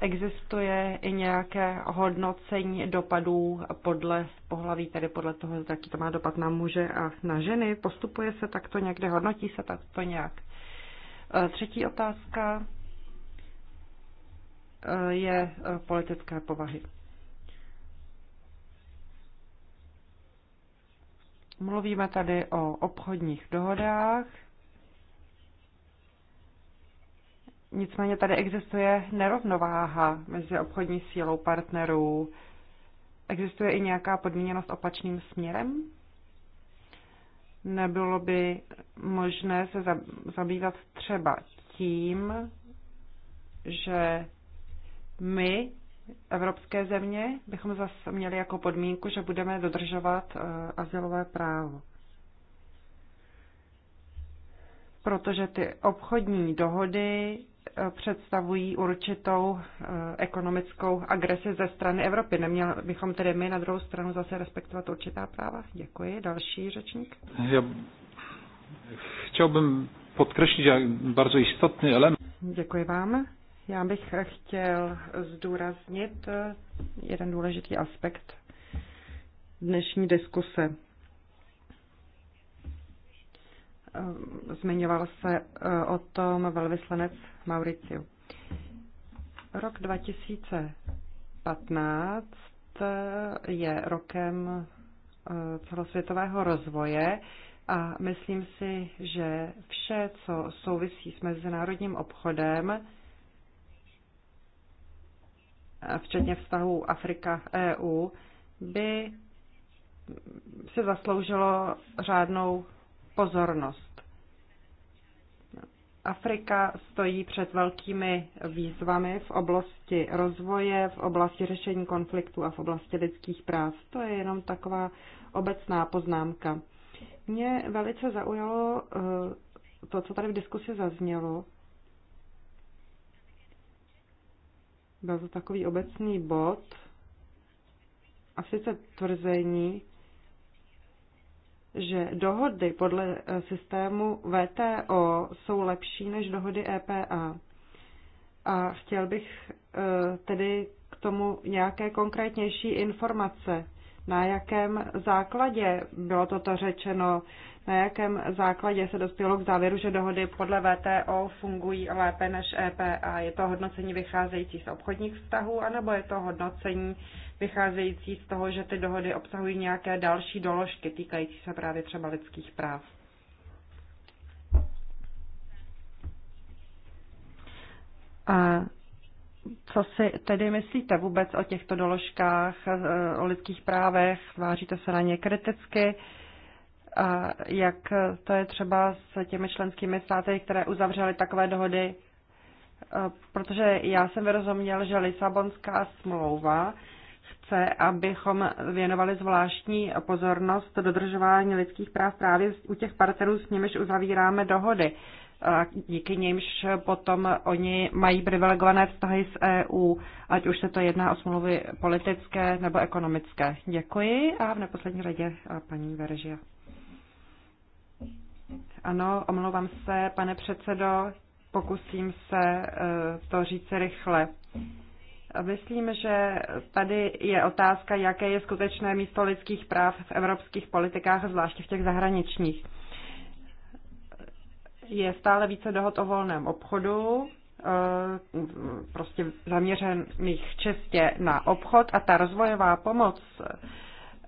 Speaker 3: existuje i nějaké hodnocení dopadů podle pohlaví, tedy podle toho, jaký to má dopad na muže a na ženy? Postupuje se takto někde, hodnotí se takto nějak? Eh, třetí otázka. Eh, je eh, politické povahy. Mluvíme tady o obchodních dohodách. Nicméně tady existuje nerovnováha mezi obchodní sílou partnerů. Existuje i nějaká podmíněnost opačným směrem? Nebylo by možné se zabývat třeba tím, že my, evropské země, bychom zase měli jako podmínku, že budeme dodržovat eh, azylové právo. Protože ty obchodní dohody eh, představují určitou eh, ekonomickou agresi ze strany Evropy. Neměli bychom tedy my na druhou stranu zase respektovat určitá práva? Děkuji. Další řečník.
Speaker 1: Já chtěl bych podkreślić bardzo istotný element.
Speaker 3: Děkuji vám. Já bych chtěl zdůraznit jeden důležitý aspekt dnešní diskuse. Zmiňoval se e, o tom velvyslanec Mauriciu. Rok 2015 e, je rokem e, celosvětového rozvoje a myslím si, že vše, co souvisí s mezinárodním obchodem, včetně vztahu Afrika-EU, by se zasloužilo řádnou pozornost. Afrika stojí před velkými výzvami v oblasti rozvoje, v oblasti řešení konfliktů a v oblasti lidských práv. To je jenom taková obecná poznámka. Mě velice zaujalo eh, to, co tady v diskusi zaznělo, byl to takový obecný bod, a sice tvrzení, že dohody podle eh, systému VTO jsou lepší než dohody EPA. A chtěl bych eh, tedy k tomu nějaké konkrétnější informace. Na jakém základě bylo toto řečeno? Na jakém základě se dospělo k závěru, že dohody podle VTO fungují lépe než e a Je to hodnocení vycházející z obchodních vztahů, anebo je to hodnocení vycházející z toho, že ty dohody obsahují nějaké další doložky týkající se právě třeba lidských práv? A co si tedy myslíte vůbec o těchto doložkách, eh, o lidských právech? Váříte se na ně kriticky? A jak eh, to je třeba s těmi členskými státy, které uzavřely takové dohody? Eh, protože já jsem vyrozuměl, že Lisabonská smlouva chce, abychom věnovali zvláštní pozornost dodržování lidských práv právě u těch partnerů, s nimiž uzavíráme dohody díky nímž potom oni mají privilegované vztahy s EU, ať už se to jedná o smlouvy politické nebo ekonomické. Děkuji a v neposlední řadě paní Veržia. Ano, omlouvám se, pane předsedo, pokusím se e, to říct rychle. Myslím, že tady je otázka, jaké je skutečné místo lidských práv v evropských politikách, zvláště v těch zahraničních je stále více dohod o volném obchodu, eh, prostě zaměřených čestě na obchod a ta rozvojová pomoc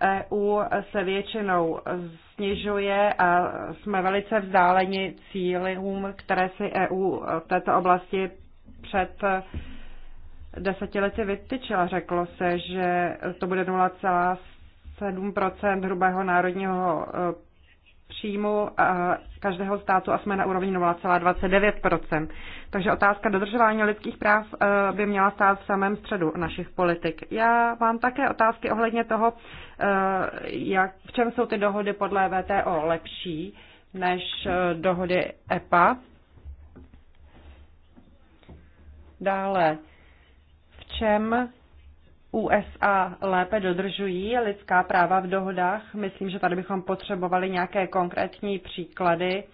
Speaker 3: EU se většinou snižuje a jsme velice vzdáleni cílům, které si EU v této oblasti před deseti lety vytyčila. Řeklo se, že to bude 0,7 hrubého národního eh, příjmu každého státu a jsme na úrovni 0,29 Takže otázka dodržování lidských práv e, by měla stát v samém středu našich politik. Já mám také otázky ohledně toho, e, jak, v čem jsou ty dohody podle VTO lepší než e, dohody EPA. Dále, v čem USA lépe dodržují lidská práva v dohodách. Myslím, že tady bychom potřebovali nějaké konkrétní příklady,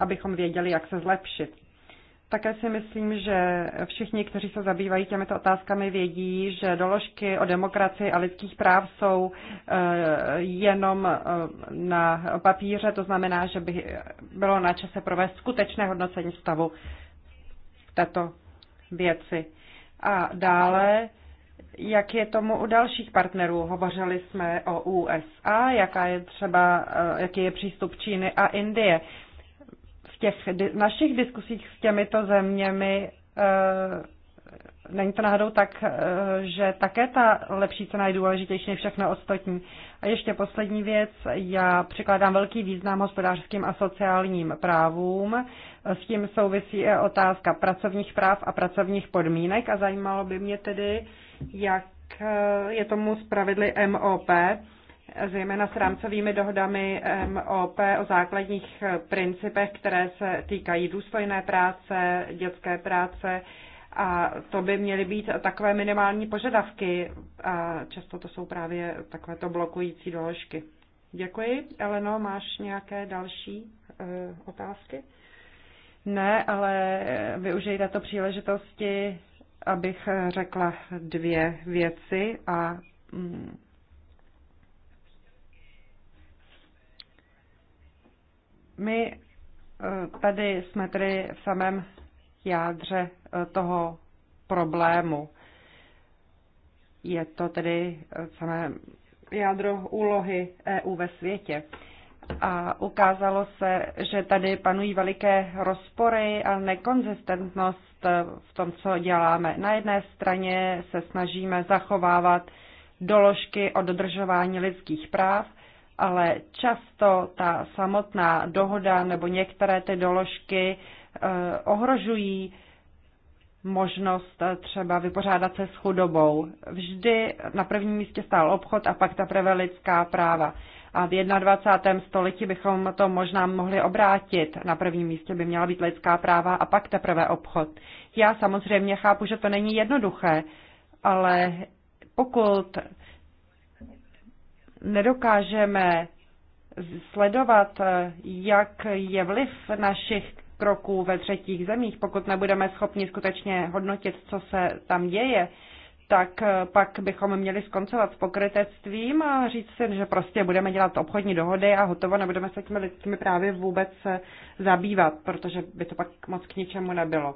Speaker 3: abychom věděli, jak se zlepšit. Také si myslím, že všichni, kteří se zabývají těmito otázkami, vědí, že doložky o demokracii a lidských práv jsou eh, jenom eh, na papíře, to znamená, že by bylo na čase provést skutečné hodnocení stavu v této věci. A dále jak je tomu u dalších partnerů. Hovořili jsme o USA, jaká je třeba, eh, jaký je přístup Číny a Indie. V těch našich diskusích s těmito zeměmi eh, není to náhodou tak, eh, že také ta lepší cena je důležitější než všechno ostatní. A ještě poslední věc, já přikládám velký význam hospodářským a sociálním právům. S tím souvisí i otázka pracovních práv a pracovních podmínek a zajímalo by mě tedy, jak eh, je tomu s pravidly MOP, zejména s rámcovými dohodami MOP o základních eh, principech, které se týkají důstojné práce, dětské práce. A to by měly být takové minimální požadavky. A často to jsou právě takovéto blokující doložky. Děkuji. Eleno, máš nějaké další e, otázky? Ne, ale využijte to příležitosti abych eh, řekla dvě věci a mm, my eh, tady jsme tedy v samém jádře eh, toho problému. Je to tedy samé jádro úlohy EU ve světě a ukázalo se, že tady panují veliké rozpory a nekonzistentnost eh, v tom, co děláme. Na jedné straně se snažíme zachovávat doložky o dodržování lidských práv, ale často ta samotná dohoda nebo některé ty doložky eh, ohrožují možnost eh, třeba vypořádat se s chudobou. Vždy na prvním místě stál obchod a pak ta prvé lidská práva. A v 21. století bychom to možná mohli obrátit. Na prvním místě by měla být lidská práva a pak teprve obchod. Já samozřejmě chápu, že to není jednoduché, ale pokud nedokážeme sledovat, jak je vliv našich kroků ve třetích zemích, pokud nebudeme schopni skutečně hodnotit, co se tam děje, tak eh, pak bychom měli skoncovat s pokrytectvím a říct si, že prostě budeme dělat obchodní dohody a hotovo, nebudeme se těmi lidmi právě vůbec eh, zabývat, protože by to pak moc k ničemu nebylo.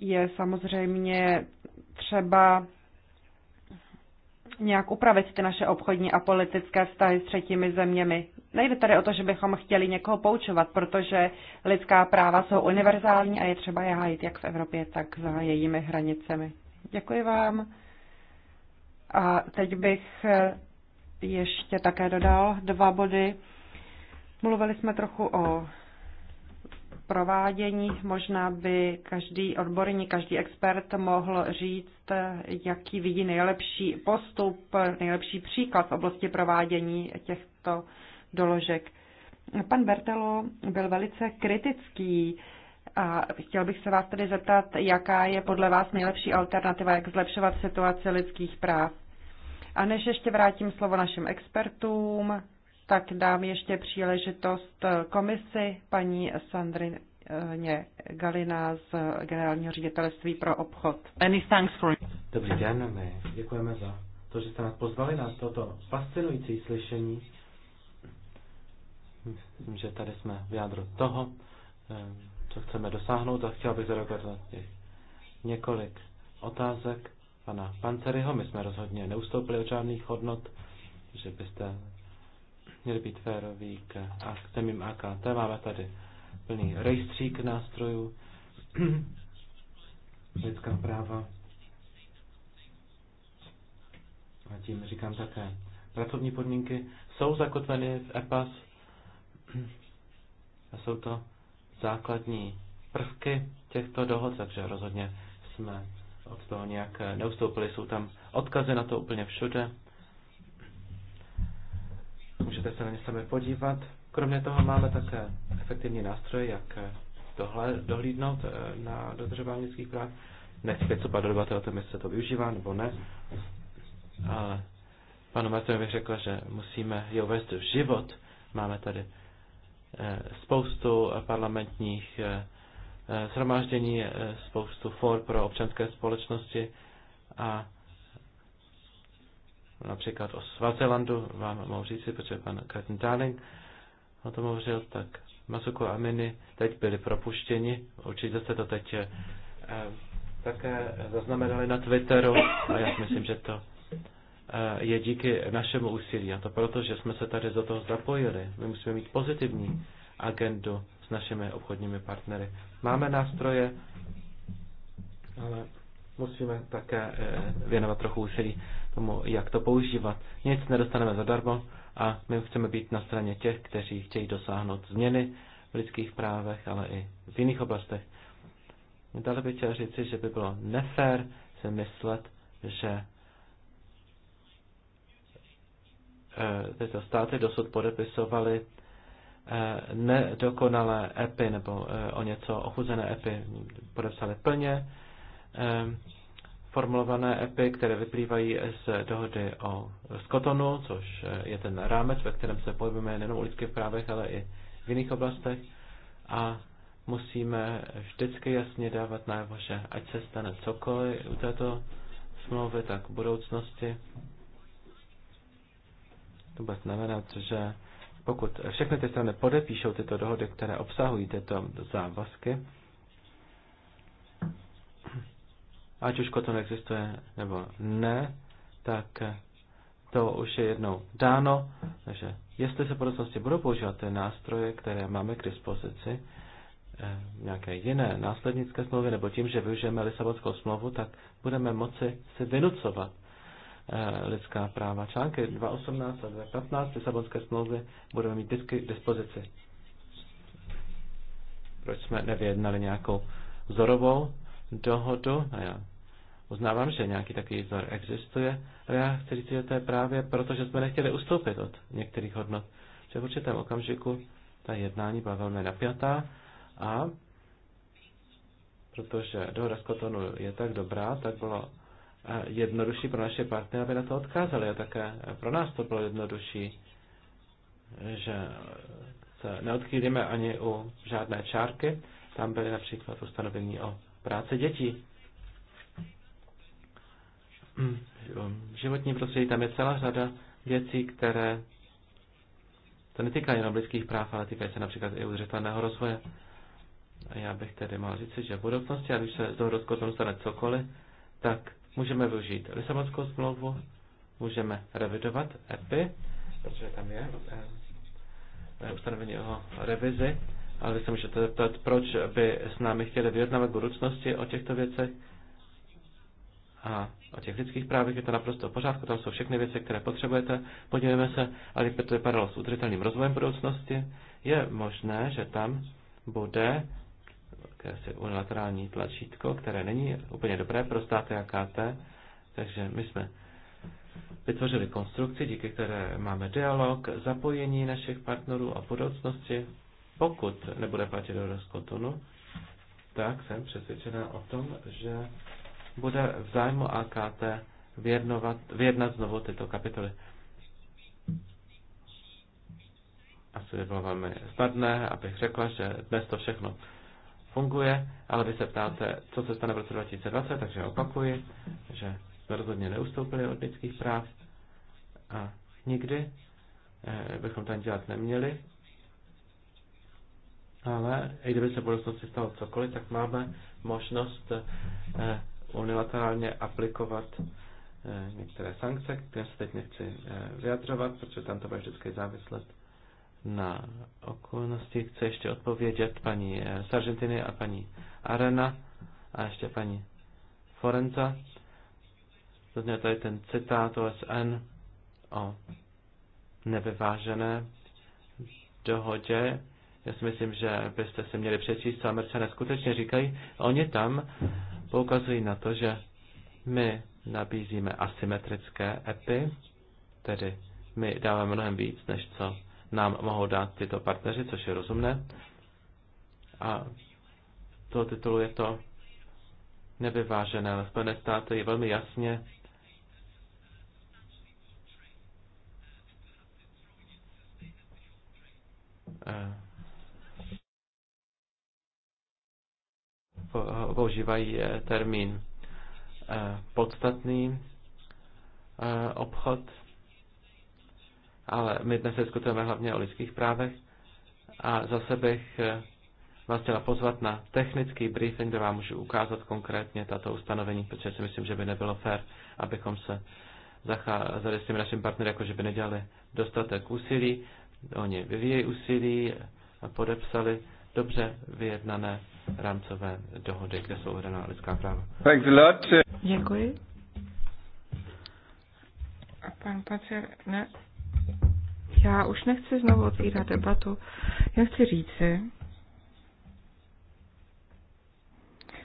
Speaker 3: Je samozřejmě třeba nějak upravit ty naše obchodní a politické vztahy s třetími zeměmi. Nejde tady o to, že bychom chtěli někoho poučovat, protože lidská práva jsou univerzální a je třeba je hájit jak v Evropě, tak za jejími hranicemi. Děkuji vám. A teď bych eh, ještě také dodal dva body. Mluvili jsme trochu o provádění. Možná by každý odborník, každý expert mohl říct, eh, jaký vidí nejlepší postup, nejlepší příklad v oblasti provádění těchto doložek. Pan Bertelo byl velice kritický a chtěl bych se vás tedy zeptat, jaká je podle vás nejlepší alternativa, jak zlepšovat situaci lidských práv. A než ještě vrátím slovo našim expertům, tak dám ještě příležitost komisi paní Sandrine Galina z generálního ředitelství pro obchod.
Speaker 1: Many thanks for... Dobrý den, my děkujeme za to, že jste nás pozvali na toto fascinující slyšení Myslím, že tady jsme v jádru toho, eh, co chceme dosáhnout a chtěl bych zareagovat na těch několik otázek pana Panceryho. My jsme rozhodně neustoupili od žádných hodnot, že byste měli být féroví k zemím AKT. Máme tady plný rejstřík nástrojů, lidská práva. A tím říkám také pracovní podmínky jsou zakotveny v EPAS, a jsou to základní prvky těchto dohod, takže rozhodně jsme od toho nějak neustoupili. Jsou tam odkazy na to úplně všude. Můžete se na ně sami podívat. Kromě toho máme také efektivní nástroje, jak tohle dohlídnout eh, na dodržování lidských práv. Nechci věcovat do debaty o tom, jestli se to využívá nebo ne. Ale panu Martinovi bych řekl, že musíme je uvést v život. Máme tady Eh, spoustu parlamentních eh, eh, shromáždění, spoustu for pro občanské společnosti a například o Svazelandu vám mohu říct, protože pan Martin Darling o tom hovořil, tak Masuko a Mini teď byli propuštěni, určitě se to teď také zaznamenali na Twitteru a já si myslím, že to E, je díky našemu úsilí. A to proto, že jsme se tady do toho zapojili. My musíme mít pozitivní agendu s našimi obchodními partnery. Máme nástroje, ale musíme také e, věnovat trochu úsilí tomu, jak to používat. Nic nedostaneme zadarmo a my chceme být na straně těch, kteří chtějí dosáhnout změny v lidských právech, ale i v jiných oblastech. Dále bych chtěl říci, že by bylo nefér si myslet, že Eh, tyto státy dosud podepisovaly eh, nedokonalé EPI nebo eh, o něco ochuzené EPI podepsali plně formulované EPI, které vyplývají z dohody o Skotonu, což je ten rámec, ve kterém se pohybujeme nejen u lidských právech, ale i v jiných oblastech. A musíme vždycky jasně dávat najevo, že ať se stane cokoliv u této smlouvy, tak v budoucnosti to bude znamenat, že pokud všechny ty strany podepíšou tyto dohody, které obsahují tyto závazky, ať už koton existuje nebo ne, tak to už je jednou dáno. Takže jestli se v budoucnosti budou používat ty nástroje, které máme k dispozici, eh, nějaké jiné následnické smlouvy, nebo tím, že využijeme Lisabonskou smlouvu, tak budeme moci si vynucovat Eh, lidská práva. Články 2.18 a 2.15 Lisabonské smlouvy budeme mít vždycky k dispozici. Proč jsme nevyjednali nějakou vzorovou dohodu? A no já uznávám, že nějaký takový vzor existuje, ale já chci říct, že to je právě proto, že jsme nechtěli ustoupit od některých hodnot. Že v určitém okamžiku ta jednání byla velmi napjatá a protože dohoda z Kotonu je tak dobrá, tak bylo jednodušší pro naše partnery, aby na to odkázali. A také pro nás to bylo jednodušší, že se neodkýlíme ani u žádné čárky. Tam byly například ustanovení o práci dětí. Životní prostředí, tam je celá řada věcí, které to netýká jenom lidských práv, ale týká se například i udržitelného rozvoje. A já bych tedy mohl říct, že v budoucnosti, a když se z toho rozkotu stane cokoliv, tak Můžeme využít Lisabonskou smlouvu, můžeme revidovat EPI, protože tam je eh, ustanovení o revizi, ale vy se můžete zeptat, proč by s námi chtěli vyjednávat v budoucnosti o těchto věcech a o těch lidských právech je to naprosto v pořádku, tam jsou všechny věci, které potřebujete. Podívejme se, ale jak by to vypadalo s udržitelným rozvojem budoucnosti. Je možné, že tam bude jakési unilaterální tlačítko, které není úplně dobré pro státy AKT, takže my jsme vytvořili konstrukci, díky které máme dialog, zapojení našich partnerů a budoucnosti. Pokud nebude platit do z tak jsem přesvědčená o tom, že bude v zájmu AKT vyjednovat, vyjednat znovu tyto kapitoly. Asi by bylo velmi snadné, abych řekla, že dnes to všechno funguje, ale vy se ptáte, co se stane v roce 2020, takže opakuji, že jsme rozhodně neustoupili od lidských práv a nikdy eh, bychom tam dělat neměli. Ale i kdyby se v budoucnosti stalo cokoliv, tak máme možnost eh, unilaterálně aplikovat eh, některé sankce, které se teď nechci vyjadřovat, protože tam to bude vždycky závislet na okolnosti chce ještě odpovědět paní Sargentiny eh, a paní Arena a ještě paní Forenza. Zazněl tady ten citát OSN o nevyvážené dohodě. Já si myslím, že byste si měli přečíst, co američané skutečně říkají. Oni tam poukazují na to, že my nabízíme asymetrické EPI, tedy my dáváme mnohem víc, než co nám mohou dát tyto partneři, což je rozumné. A to toho titulu je to nevyvážené, ale Spojené státy je velmi jasně eh, používají eh, termín eh, podstatný obchod ale my dnes diskutujeme hlavně o lidských právech a zase bych eh, vás chtěla pozvat na technický briefing, kde vám můžu ukázat konkrétně tato ustanovení, protože si myslím, že by nebylo fér, abychom se zacházeli s tím naším partnerem, jako že by nedělali dostatek úsilí. Oni vyvíjejí úsilí a podepsali dobře vyjednané rámcové dohody, kde jsou uvedená lidská práva. Thanks a lot.
Speaker 2: Děkuji. A pan Pacer, ne, já už nechci znovu otvírat debatu. Já chci říci,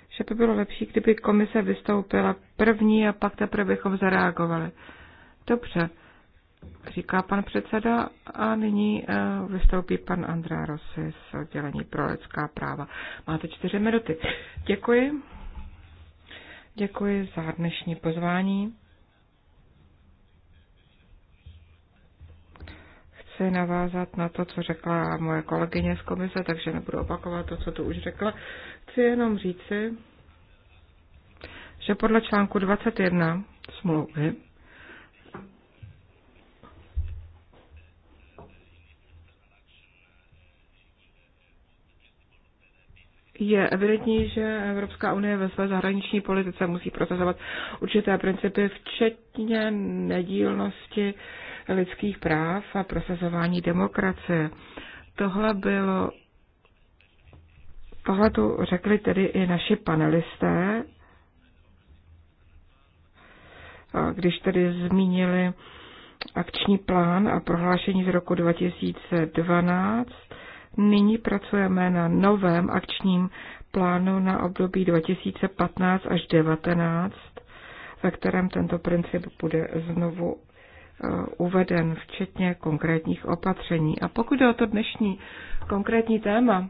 Speaker 2: že by bylo lepší, kdyby komise vystoupila první a pak teprve bychom zareagovali. Dobře, říká pan předseda a nyní eh, vystoupí pan Andrá Rosy z oddělení pro lidská práva. Máte čtyři minuty. Děkuji. Děkuji za dnešní pozvání. chci navázat na to, co řekla moje kolegyně z komise, takže nebudu opakovat to, co tu už řekla. Chci jenom říci, že podle článku 21 smlouvy je evidentní, že Evropská unie ve své zahraniční politice musí prosazovat určité principy, včetně nedílnosti lidských práv a prosazování demokracie. Tohle bylo Tohle tu řekli tedy i naši panelisté, když tedy zmínili akční plán a prohlášení z roku 2012. Nyní pracujeme na novém akčním plánu na období 2015 až 2019, ve kterém tento princip bude znovu Eh, uveden, včetně konkrétních opatření. A pokud je o to dnešní konkrétní téma,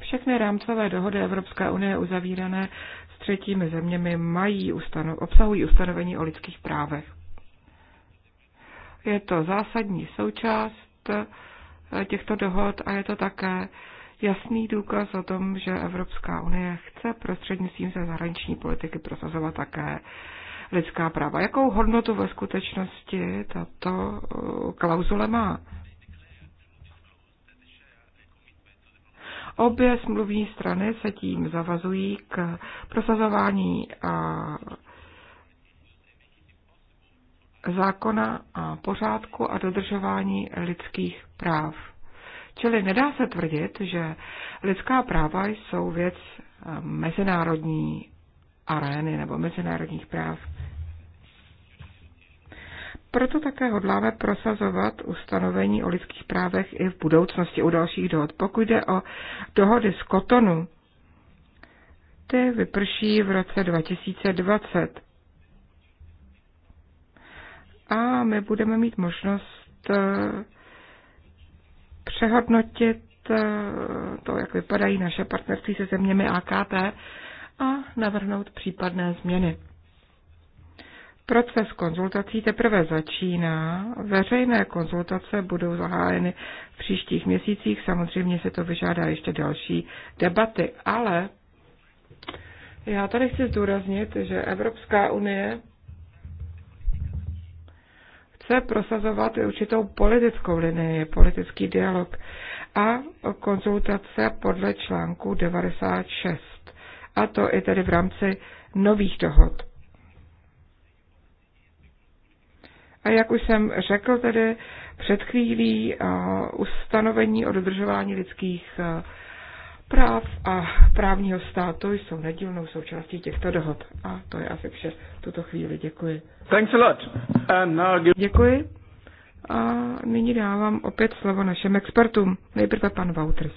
Speaker 2: všechny rámcové dohody Evropské unie uzavírané s třetími zeměmi mají ustano, obsahují ustanovení o lidských právech. Je to zásadní součást eh, těchto dohod a je to také jasný důkaz o tom, že Evropská unie chce prostřednictvím své zahraniční politiky prosazovat také lidská práva. Jakou hodnotu ve skutečnosti tato uh, klauzule má? Obě smluvní strany se tím zavazují k prosazování uh, zákona a pořádku a dodržování lidských práv. Čili nedá se tvrdit, že lidská práva jsou věc eh, mezinárodní arény nebo mezinárodních práv. Proto také hodláme prosazovat ustanovení o lidských právech i v budoucnosti u dalších dohod. Pokud jde o dohody z Kotonu, ty vyprší v roce 2020. A my budeme mít možnost eh, přehodnotit eh, to, jak vypadají naše partnerství se zeměmi AKT a navrhnout případné změny. Proces konzultací teprve začíná. Veřejné konzultace budou zahájeny v příštích měsících. Samozřejmě se to vyžádá ještě další debaty, ale já tady chci zdůraznit, že Evropská unie chce prosazovat určitou politickou linii, politický dialog a konzultace podle článku 96. A to i tedy v rámci nových dohod. A jak už jsem řekl tedy před chvílí, uh, ustanovení o dodržování lidských uh, práv a právního státu jsou nedílnou součástí těchto dohod. A to je asi vše v tuto chvíli. Děkuji. Thanks a lot. And now give... Děkuji. A nyní dávám opět slovo našem expertům. Nejprve pan Wouters.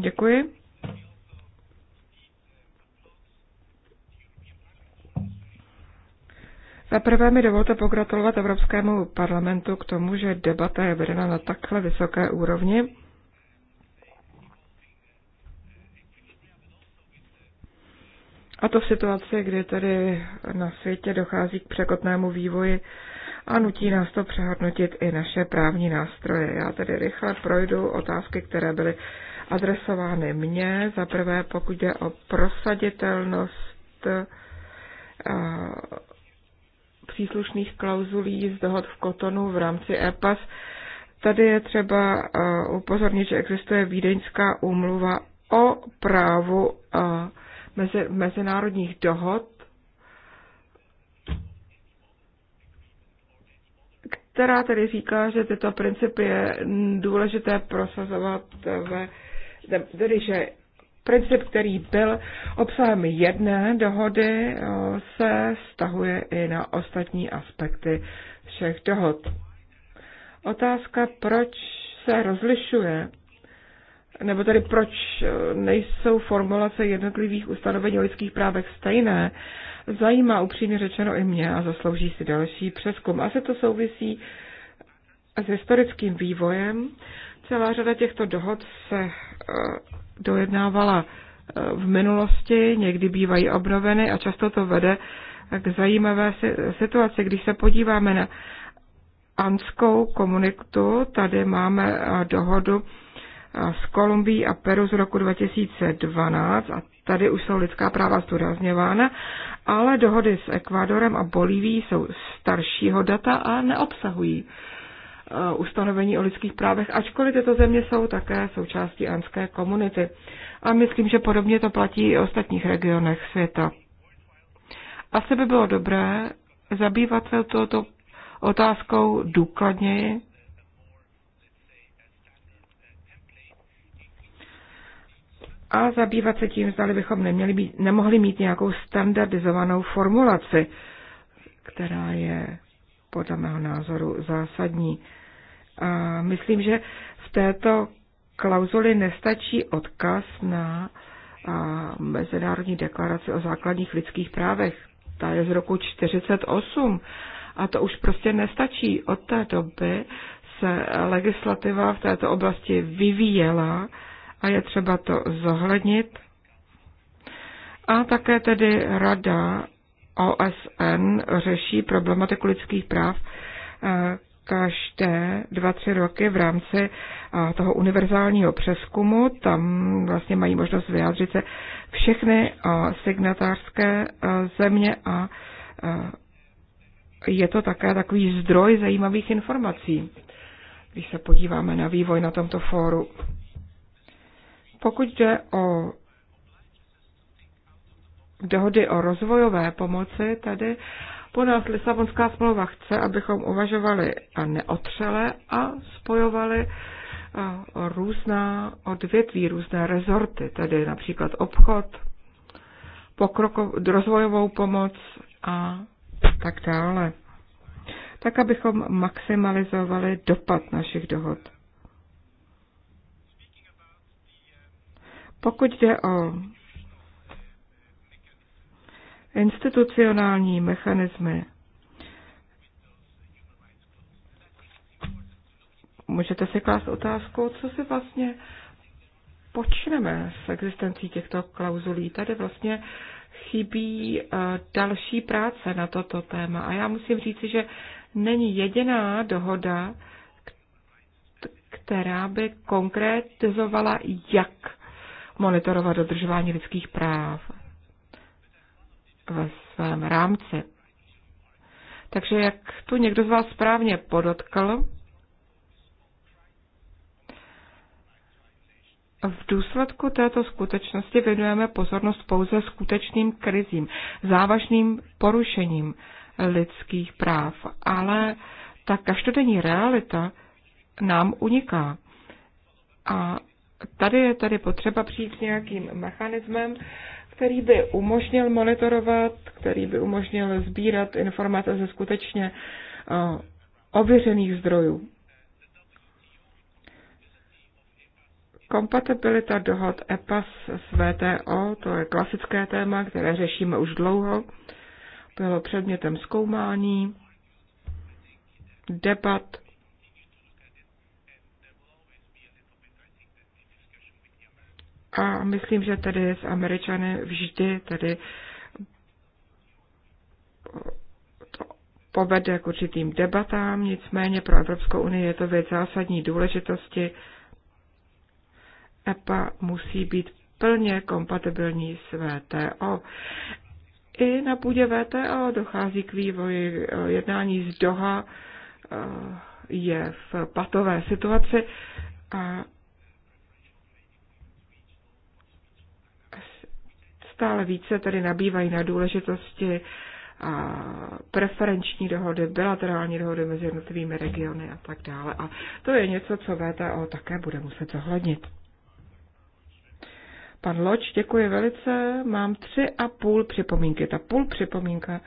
Speaker 2: Děkuji. Za prvé mi dovolte pogratulovat Evropskému parlamentu k tomu, že debata je vedena na takhle vysoké úrovni. A to v situaci, kdy tedy na světě dochází k překotnému vývoji a nutí nás to přehodnotit i naše právní nástroje. Já tedy rychle projdu otázky, které byly adresovány mně. Za prvé, pokud je o prosaditelnost příslušných klauzulí z dohod v Kotonu v rámci EPAS. Tady je třeba eh, upozornit, že existuje Vídeňská úmluva o právu eh, mezinárodních dohod, která tedy říká, že tyto principy je důležité prosazovat ve tedy že Princip, který byl obsahem jedné dohody, eh, se stahuje i na ostatní aspekty všech dohod. Otázka, proč se rozlišuje, nebo tedy proč eh, nejsou formulace jednotlivých ustanovení o lidských právech stejné, zajímá upřímně řečeno i mě a zaslouží si další přeskum. se to souvisí s historickým vývojem. Celá řada těchto dohod se eh, dojednávala eh, v minulosti, někdy bývají obnoveny a často to vede k zajímavé situaci. Když se podíváme na anskou komunitu, tady máme eh, dohodu eh, s Kolumbií a Peru z roku 2012 a tady už jsou lidská práva zdůrazněvána, ale dohody s Ekvádorem a Bolívií jsou staršího data a neobsahují Eh, ustanovení o lidských právech, ačkoliv tyto země jsou také součástí anské komunity. A myslím, že podobně to platí i v ostatních regionech světa. Asi by bylo dobré zabývat se touto otázkou důkladněji. A zabývat se tím, zda bychom neměli být, nemohli mít nějakou standardizovanou formulaci, která je podle mého názoru zásadní myslím, že v této klauzuli nestačí odkaz na Mezinárodní deklaraci o základních lidských právech. Ta je z roku 48 a to už prostě nestačí. Od té doby se legislativa v této oblasti vyvíjela a je třeba to zohlednit. A také tedy Rada OSN řeší problematiku lidských práv každé dva, tři roky v rámci toho univerzálního přeskumu. Tam vlastně mají možnost vyjádřit se všechny signatářské země a je to také takový zdroj zajímavých informací, když se podíváme na vývoj na tomto fóru. Pokud jde o dohody o rozvojové pomoci, tady po nás Lisabonská smlouva chce, abychom uvažovali neotřele a spojovali různá odvětví, různé rezorty, tedy například obchod, pokrokov, rozvojovou pomoc a tak dále. Tak, abychom maximalizovali dopad našich dohod. Pokud jde o institucionální mechanismy. Můžete si klást otázku, co si vlastně počneme s existencí těchto klauzulí. Tady vlastně chybí eh, další práce na toto téma. A já musím říci, že není jediná dohoda, která by konkretizovala, jak monitorovat dodržování lidských práv ve svém rámci. Takže jak tu někdo z vás správně podotkl, V důsledku této skutečnosti věnujeme pozornost pouze skutečným krizím, závažným porušením lidských práv, ale ta každodenní realita nám uniká. A tady je tady potřeba přijít s nějakým mechanismem, který by umožnil monitorovat, který by umožnil sbírat informace ze skutečně eh, ověřených zdrojů. Kompatibilita dohod EPAS s VTO, to je klasické téma, které řešíme už dlouho, bylo předmětem zkoumání, debat A myslím, že tedy s Američany vždy tedy to povede k určitým debatám, nicméně pro Evropskou unii je to věc zásadní důležitosti. EPA musí být plně kompatibilní s VTO. I na půdě VTO dochází k vývoji jednání z Doha eh, je v patové situaci a stále více tedy nabývají na důležitosti a preferenční dohody, bilaterální dohody mezi jednotlivými regiony a tak dále. A to je něco, co VTO také bude muset zohlednit. Pan Loč, děkuji velice. Mám tři a půl připomínky. Ta půl připomínka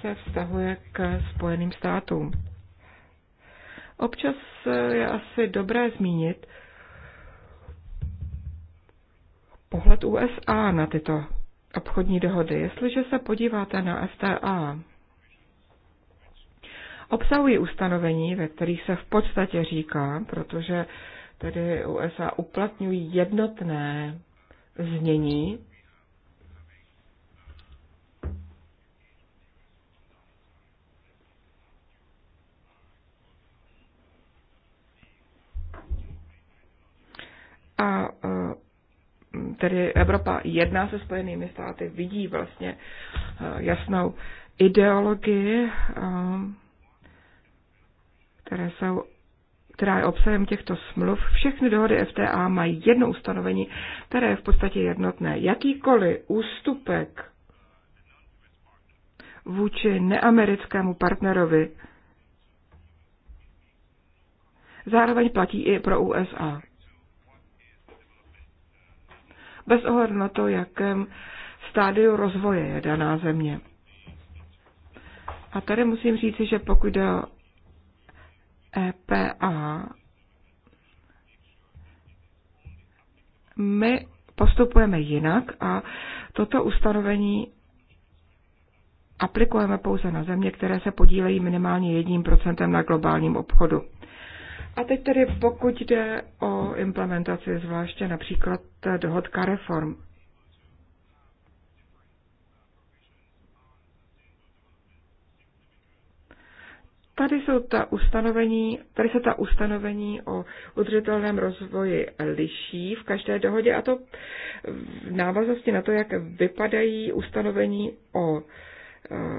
Speaker 2: se vztahuje k Spojeným státům. Občas je asi dobré zmínit pohled USA na tyto obchodní dohody. Jestliže se podíváte na FTA, obsahují ustanovení, ve kterých se v podstatě říká, protože tedy USA uplatňují jednotné znění a tedy Evropa jedná se Spojenými státy, vidí vlastně eh, jasnou ideologii, eh, které jsou která je obsahem těchto smluv, všechny dohody FTA mají jedno ustanovení, které je v podstatě jednotné. Jakýkoliv ústupek vůči neamerickému partnerovi zároveň platí i pro USA bez ohledu na to, jakém stádiu rozvoje je daná země. A tady musím říci, že pokud jde o EPA, my postupujeme jinak a toto ustanovení aplikujeme pouze na země, které se podílejí minimálně jedním procentem na globálním obchodu. A teď tedy pokud jde o implementaci, zvláště například dohodka reform. Tady, jsou ta ustanovení, tady se ta ustanovení o udržitelném rozvoji liší v každé dohodě a to v návaznosti na to, jak vypadají ustanovení o e,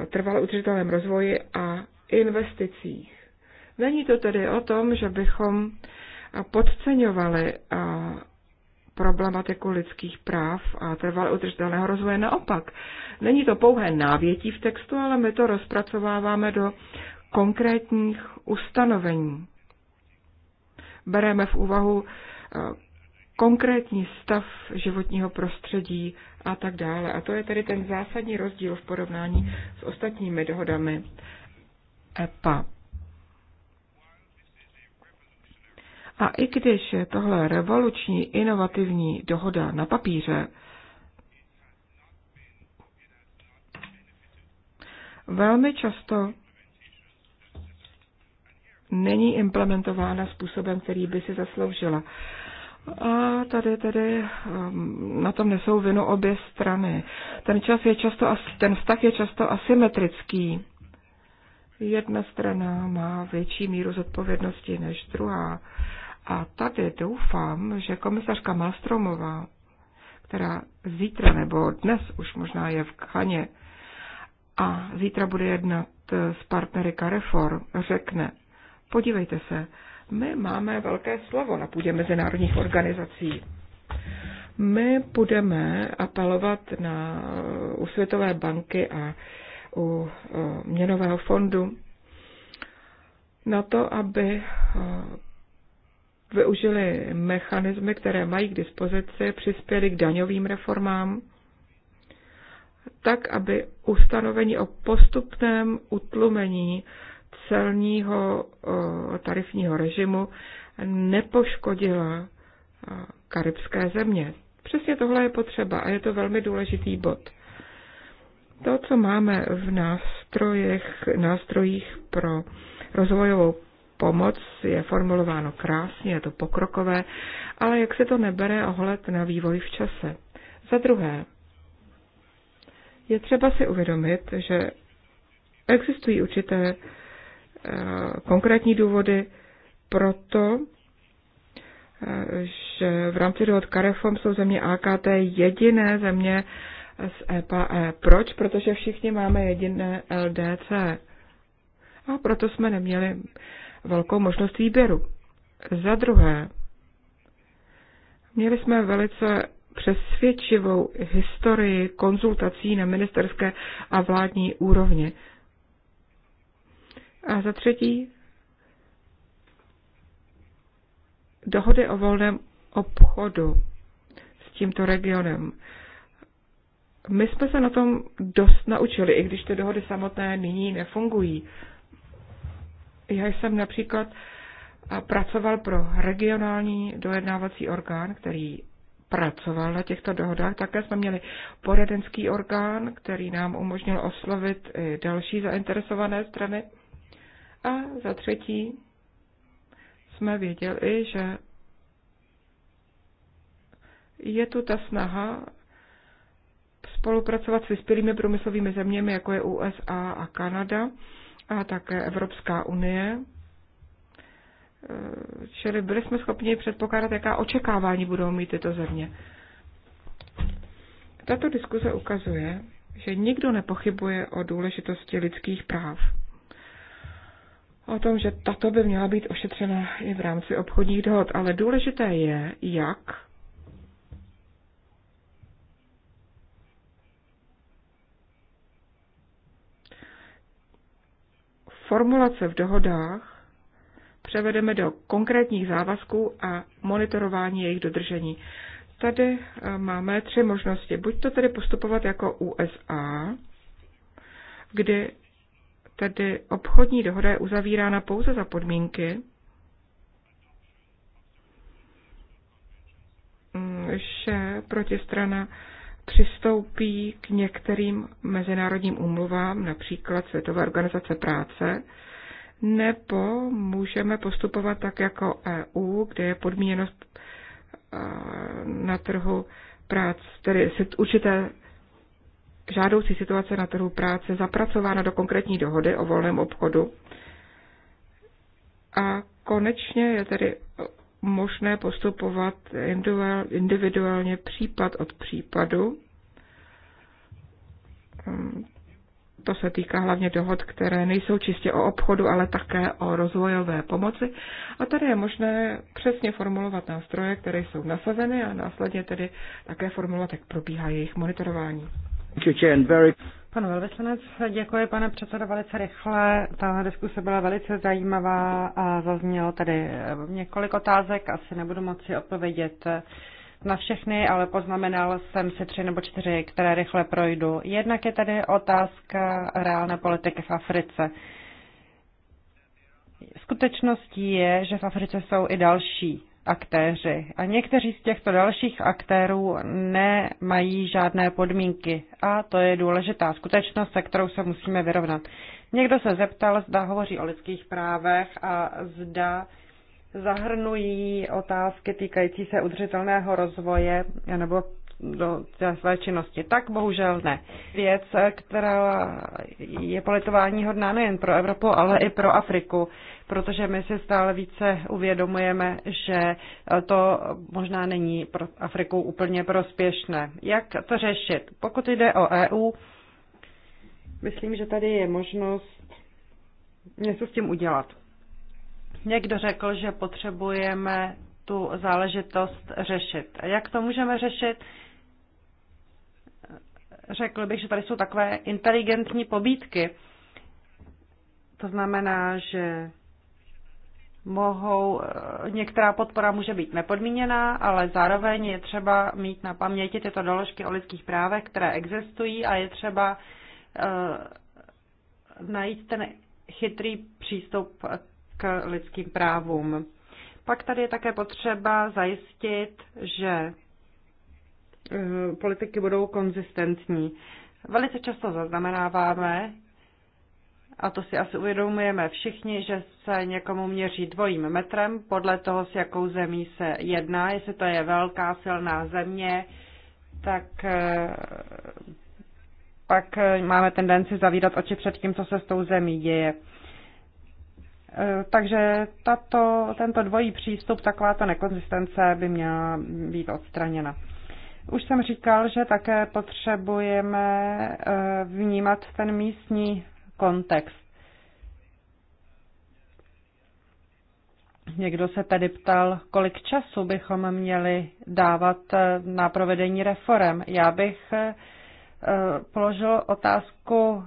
Speaker 2: trvalé udržitelném rozvoji a investicích. Není to tedy o tom, že bychom podceňovali problematiku lidských práv a trvalé udržitelného rozvoje. Naopak, není to pouhé návětí v textu, ale my to rozpracováváme do konkrétních ustanovení. Bereme v úvahu konkrétní stav životního prostředí a tak dále. A to je tedy ten zásadní rozdíl v porovnání s ostatními dohodami EPA. A i když je tohle revoluční, inovativní dohoda na papíře, velmi často není implementována způsobem, který by si zasloužila. A tady tedy um, na tom nesou vinu obě strany. Ten, čas je často, ten vztah je často asymetrický. Jedna strana má větší míru zodpovědnosti než druhá. A tady doufám, že komisařka Malstromová, která zítra nebo dnes už možná je v Khaně a zítra bude jednat s partnery Carefor, řekne, podívejte se, my máme velké slovo na půdě mezinárodních organizací. My budeme apelovat na, u Světové banky a u e, Měnového fondu na to, aby e, využili mechanismy, které mají k dispozici, přispěli k daňovým reformám, tak, aby ustanovení o postupném utlumení celního tarifního režimu nepoškodila karibské země. Přesně tohle je potřeba a je to velmi důležitý bod. To, co máme v nástrojích, nástrojích pro rozvojovou pomoc je formulováno krásně, je to pokrokové, ale jak se to nebere ohled na vývoj v čase. Za druhé, je třeba si uvědomit, že existují určité eh, konkrétní důvody pro to, eh, že v rámci dohod Karefom jsou země AKT jediné země z EPE. Proč? Protože všichni máme jediné LDC. A proto jsme neměli velkou možnost výběru. Za druhé, měli jsme velice přesvědčivou historii konzultací na ministerské a vládní úrovni. A za třetí, dohody o volném obchodu s tímto regionem. My jsme se na tom dost naučili, i když ty dohody samotné nyní nefungují. Já jsem například pracoval pro regionální dojednávací orgán, který pracoval na těchto dohodách. Také jsme měli poradenský orgán, který nám umožnil oslovit i další zainteresované strany. A za třetí jsme věděli, že je tu ta snaha spolupracovat s vyspělými průmyslovými zeměmi, jako je USA a Kanada, a také Evropská unie. E, čili byli jsme schopni předpokládat, jaká očekávání budou mít tyto země. Tato diskuze ukazuje, že nikdo nepochybuje o důležitosti lidských práv. O tom, že tato by měla být ošetřena i v rámci obchodních dohod, ale důležité je, jak formulace v dohodách převedeme do konkrétních závazků a monitorování jejich dodržení. Tady eh, máme tři možnosti. Buď to tedy postupovat jako USA, kdy tedy obchodní dohoda je uzavírána pouze za podmínky, mm, že protistrana přistoupí k některým mezinárodním umluvám, například Světové organizace práce, nebo můžeme postupovat tak jako EU, kde je podmíněnost eh, na trhu práce, tedy určité žádoucí situace na trhu práce zapracována do konkrétní dohody o volném obchodu. A konečně je tedy možné postupovat individuálně případ od případu. Ehm, to se týká hlavně dohod, které nejsou čistě o obchodu, ale také o rozvojové pomoci. A tady je možné přesně formulovat nástroje, které jsou nasazeny a následně tedy také formulovat, jak probíhá jejich monitorování. Pan
Speaker 3: velvyslanec, děkuji, pane předsedo, velice rychle. Tahle diskuse byla velice zajímavá a zaznělo tady eh, několik otázek. Asi nebudu moci odpovědět eh, na všechny, ale poznamenal jsem si tři nebo čtyři, které rychle projdu. Jednak je tady otázka reálné politiky v Africe. Skutečností je, že v Africe jsou i další aktéři. A někteří z těchto dalších aktérů nemají žádné podmínky. A to je důležitá skutečnost, se kterou se musíme vyrovnat. Někdo se zeptal, zda hovoří o lidských právech a zda zahrnují otázky týkající se udržitelného rozvoje nebo do té své činnosti. Tak bohužel ne. Věc, která je politování hodná nejen pro Evropu, ale i pro Afriku, protože my si stále více uvědomujeme, že to možná není pro Afriku úplně prospěšné. Jak to řešit? Pokud jde o EU, myslím, že tady je možnost něco s tím udělat. Někdo řekl, že potřebujeme tu záležitost řešit. A jak to můžeme řešit? Řekl bych, že tady jsou takové inteligentní pobídky. To znamená, že mohou, eh, některá podpora může být nepodmíněná, ale zároveň je třeba mít na paměti tyto doložky o lidských právech, které existují a je třeba uh, najít ten chytrý přístup k lidským právům. Pak tady je také potřeba zajistit, že Eh, politiky budou konzistentní. Velice často zaznamenáváme, a to si asi uvědomujeme všichni, že se někomu měří dvojím metrem podle toho, s jakou zemí se jedná. Jestli to je velká silná země, tak eh, pak eh, máme tendenci zavídat, oči před tím, co se s tou zemí děje. Takže tato, tento dvojí přístup, takováto nekonzistence by měla být odstraněna. Už jsem říkal, že také potřebujeme eh, vnímat ten místní kontext. Někdo se tedy ptal, kolik času bychom měli dávat eh, na provedení reform. Já bych eh, položil otázku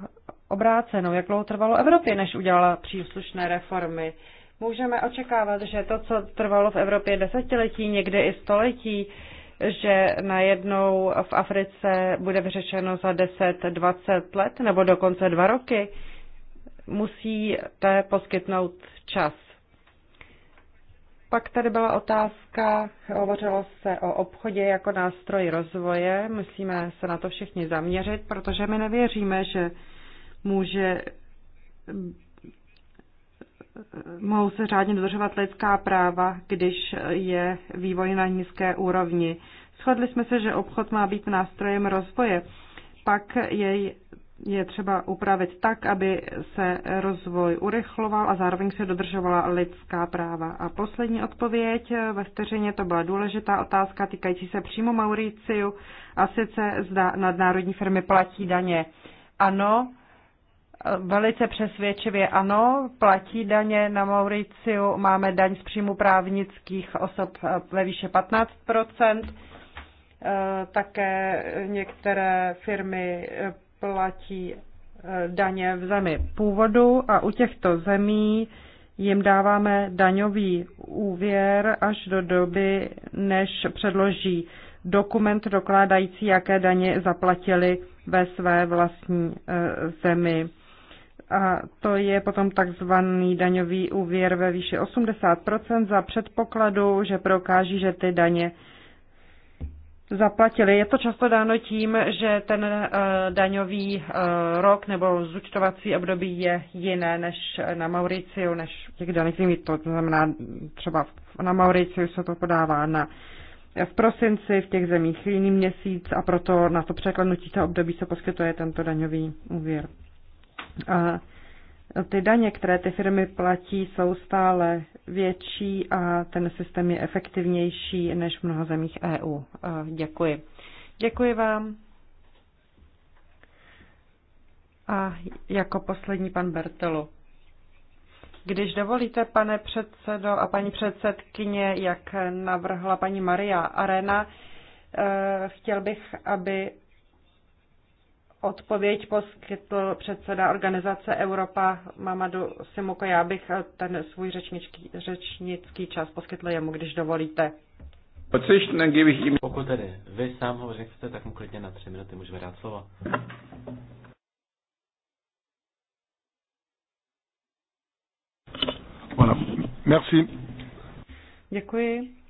Speaker 3: obrácenou, jak dlouho trvalo Evropě, než udělala příslušné reformy. Můžeme očekávat, že to, co trvalo v Evropě desetiletí, někdy i století, že najednou v Africe bude vyřešeno za 10-20 let nebo dokonce dva roky, musíte poskytnout čas. Pak tady byla otázka, hovořilo se o obchodě jako nástroj rozvoje. Musíme se na to všichni zaměřit, protože my nevěříme, že může mohou se řádně dodržovat lidská práva, když je vývoj na nízké úrovni. Shodli jsme se, že obchod má být nástrojem rozvoje, pak jej je třeba upravit tak, aby se rozvoj urychloval a zároveň se dodržovala lidská práva. A poslední odpověď ve vteřině to byla důležitá otázka týkající se přímo Mauriciu a sice zda nadnárodní firmy platí daně. Ano, velice přesvědčivě ano, platí daně na Mauriciu, máme daň z příjmu právnických osob eh, ve výše 15 eh, také některé firmy eh, platí daně v zemi původu a u těchto zemí jim dáváme daňový úvěr až do doby, než předloží dokument dokládající, jaké daně zaplatili ve své vlastní zemi. A to je potom takzvaný daňový úvěr ve výši 80% za předpokladu, že prokáží, že ty daně zaplatili. Je to často dáno tím, že ten eh, daňový eh, rok nebo zúčtovací období je jiné než na Mauriciu, než těch daných zimí. To znamená třeba na Mauriciu se to podává na v prosinci, v těch zemích jiný měsíc a proto na to překlenutí toho období se poskytuje tento daňový úvěr. A ty daně, které ty firmy platí, jsou stále větší a ten systém je efektivnější než v mnoha zemích EU. Děkuji. Děkuji vám. A jako poslední pan Bertelu. Když dovolíte, pane předsedo a paní předsedkyně, jak navrhla paní Maria Arena, eh, chtěl bych, aby odpověď poskytl předseda organizace Europa Mamadu Simuko. Já bych eh, ten svůj řečnický, řečnický čas poskytl jemu, když dovolíte.
Speaker 1: Pokud tedy vy sám ho řeknete, tak mu klidně na tři minuty můžeme dát slovo.
Speaker 3: Voilà. Merci. Děkuji.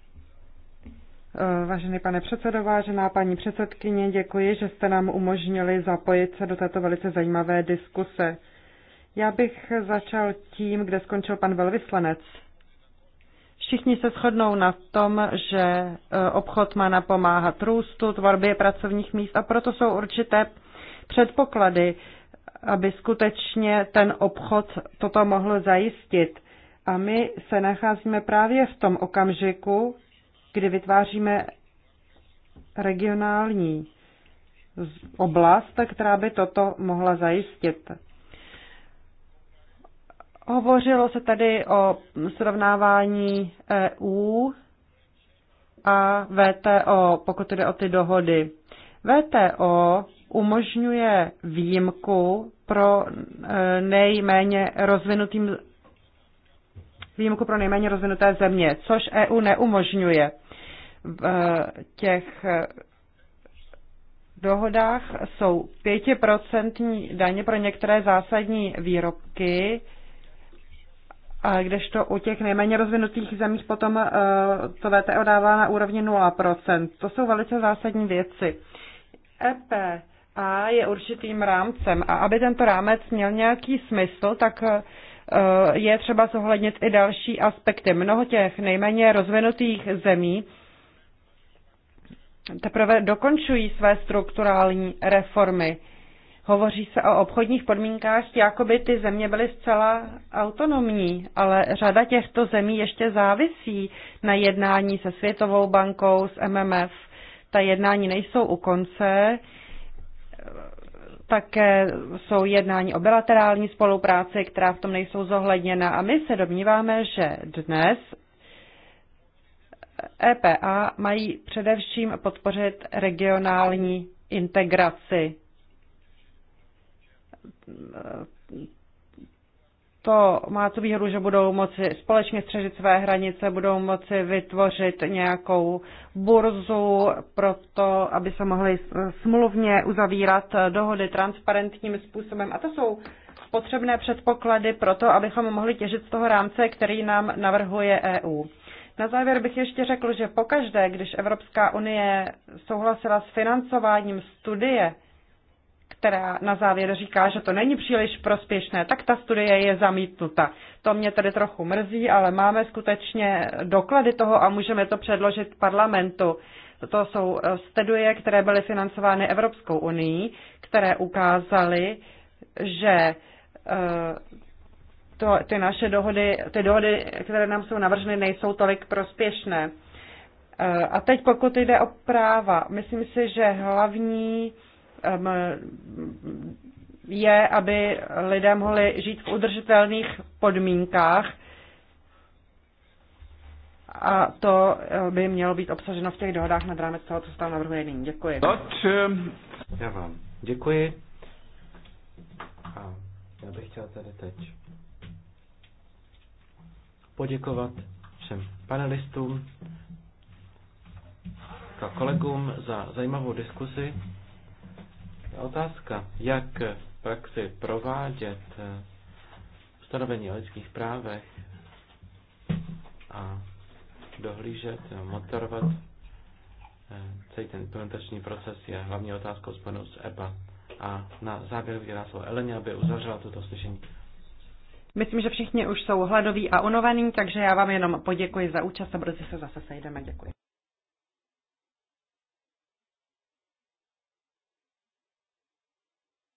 Speaker 3: Eh, vážený pane předsedo, vážená paní předsedkyně, děkuji, že jste nám umožnili zapojit se do této velice zajímavé diskuse. Já bych začal tím, kde skončil pan velvyslanec. Všichni se shodnou na tom, že eh, obchod má napomáhat růstu, tvorbě pracovních míst a proto jsou určité předpoklady, aby skutečně ten obchod toto mohl zajistit. A my se nacházíme právě v tom okamžiku, kdy vytváříme regionální oblast, která by toto mohla zajistit. Hovořilo se tady o srovnávání EU a VTO, pokud jde o ty dohody. VTO umožňuje výjimku pro e, nejméně rozvinutým výjimku pro nejméně rozvinuté země, což EU neumožňuje v eh, těch eh, dohodách jsou pětiprocentní daně pro některé zásadní výrobky, kdežto u těch nejméně rozvinutých zemích potom eh, to VTO dává na úrovni 0%. To jsou velice zásadní věci. EP a je určitým rámcem a aby tento rámec měl nějaký smysl, tak je třeba zohlednit i další aspekty. Mnoho těch nejméně rozvinutých zemí teprve dokončují své strukturální reformy. Hovoří se o obchodních podmínkách, jako by ty země byly zcela autonomní, ale řada těchto zemí ještě závisí na jednání se Světovou bankou, s MMF. Ta jednání nejsou u konce, také jsou jednání o bilaterální spolupráci, která v tom nejsou zohledněna. A my se domníváme, že dnes EPA mají především podpořit regionální integraci. To má tu výhodu, že budou moci společně střežit své hranice, budou moci vytvořit nějakou burzu pro to, aby se mohly smluvně uzavírat dohody transparentním způsobem. A to jsou potřebné předpoklady pro to, abychom mohli těžit z toho rámce, který nám navrhuje EU. Na závěr bych ještě řekl, že pokaždé, když Evropská unie souhlasila s financováním studie, která na závěr říká, že to není příliš prospěšné, tak ta studie je zamítnuta. To mě tedy trochu mrzí, ale máme skutečně doklady toho a můžeme to předložit parlamentu. To jsou eh, studie, které byly financovány Evropskou unii, které ukázaly, že eh, to, ty naše dohody, ty dohody, které nám jsou navrženy, nejsou tolik prospěšné. E, a teď pokud jde o práva, myslím si, že hlavní je, aby lidé mohli žít v udržitelných podmínkách a to eh, by mělo být obsaženo v těch dohodách nad rámec toho, co se tam navrhuje nyní. Děkuji.
Speaker 1: Eh, já vám děkuji. A já bych chtěl tady teď poděkovat všem panelistům a kolegům za zajímavou diskusi. Otázka, jak v praxi provádět eh, ustanovení o lidských právech a dohlížet, eh, motorovat eh, celý ten implementační proces je hlavní otázkou spojenou s EPA. A na závěr bych slovo Eleně, aby uzavřela toto slyšení.
Speaker 3: Myslím, že všichni už jsou hladoví a unovaní, takže já vám jenom poděkuji za účast a brzy se zase sejdeme. Děkuji.